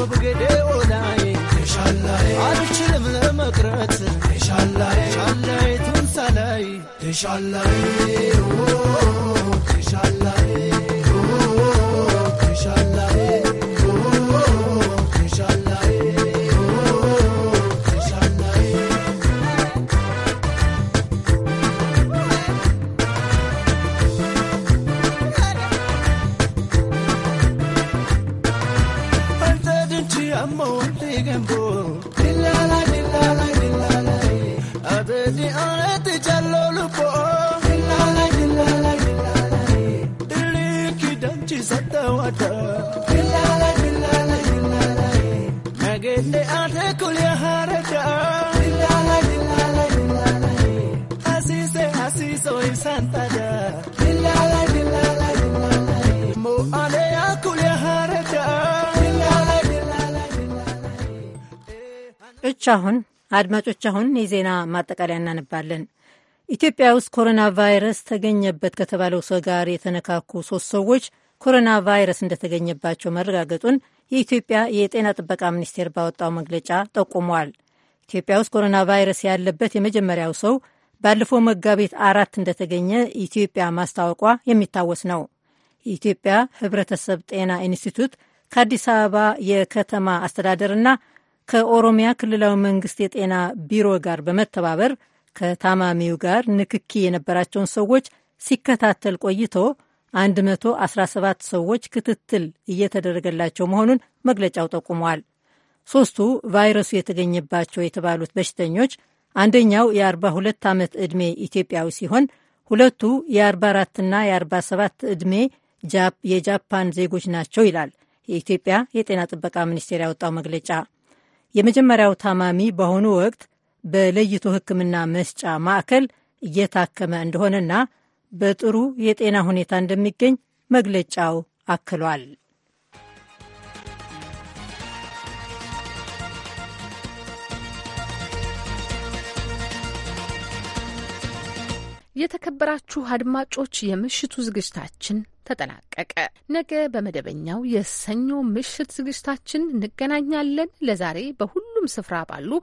በብገዴ ወዳይ አልችልም ለመቅረት ሻላይ ሻላይ ትንሳላይ ሻላይ እች አሁን አድማጮች፣ አሁን የዜና ማጠቃለያ እናነባለን። ኢትዮጵያ ውስጥ ኮሮና ቫይረስ ተገኘበት ከተባለው ሰው ጋር የተነካኩ ሶስት ሰዎች ኮሮና ቫይረስ እንደተገኘባቸው መረጋገጡን የኢትዮጵያ የጤና ጥበቃ ሚኒስቴር ባወጣው መግለጫ ጠቁሟል። ኢትዮጵያ ውስጥ ኮሮና ቫይረስ ያለበት የመጀመሪያው ሰው ባለፈው መጋቢት አራት እንደተገኘ ኢትዮጵያ ማስታወቋ የሚታወስ ነው። የኢትዮጵያ ሕብረተሰብ ጤና ኢንስቲቱት ከአዲስ አበባ የከተማ አስተዳደርና ከኦሮሚያ ክልላዊ መንግስት የጤና ቢሮ ጋር በመተባበር ከታማሚው ጋር ንክኪ የነበራቸውን ሰዎች ሲከታተል ቆይቶ 117 ሰዎች ክትትል እየተደረገላቸው መሆኑን መግለጫው ጠቁመዋል። ሦስቱ ቫይረሱ የተገኘባቸው የተባሉት በሽተኞች አንደኛው የ42 ዓመት ዕድሜ ኢትዮጵያዊ ሲሆን ሁለቱ የ44ና የ47 ዕድሜ የጃፓን ዜጎች ናቸው ይላል የኢትዮጵያ የጤና ጥበቃ ሚኒስቴር ያወጣው መግለጫ። የመጀመሪያው ታማሚ በአሁኑ ወቅት በለይቶ ሕክምና መስጫ ማዕከል እየታከመ እንደሆነና በጥሩ የጤና ሁኔታ እንደሚገኝ መግለጫው አክሏል። የተከበራችሁ አድማጮች የምሽቱ ዝግጅታችን ተጠናቀቀ። ነገ በመደበኛው የሰኞ ምሽት ዝግጅታችን እንገናኛለን። ለዛሬ በሁሉም ስፍራ ባሉ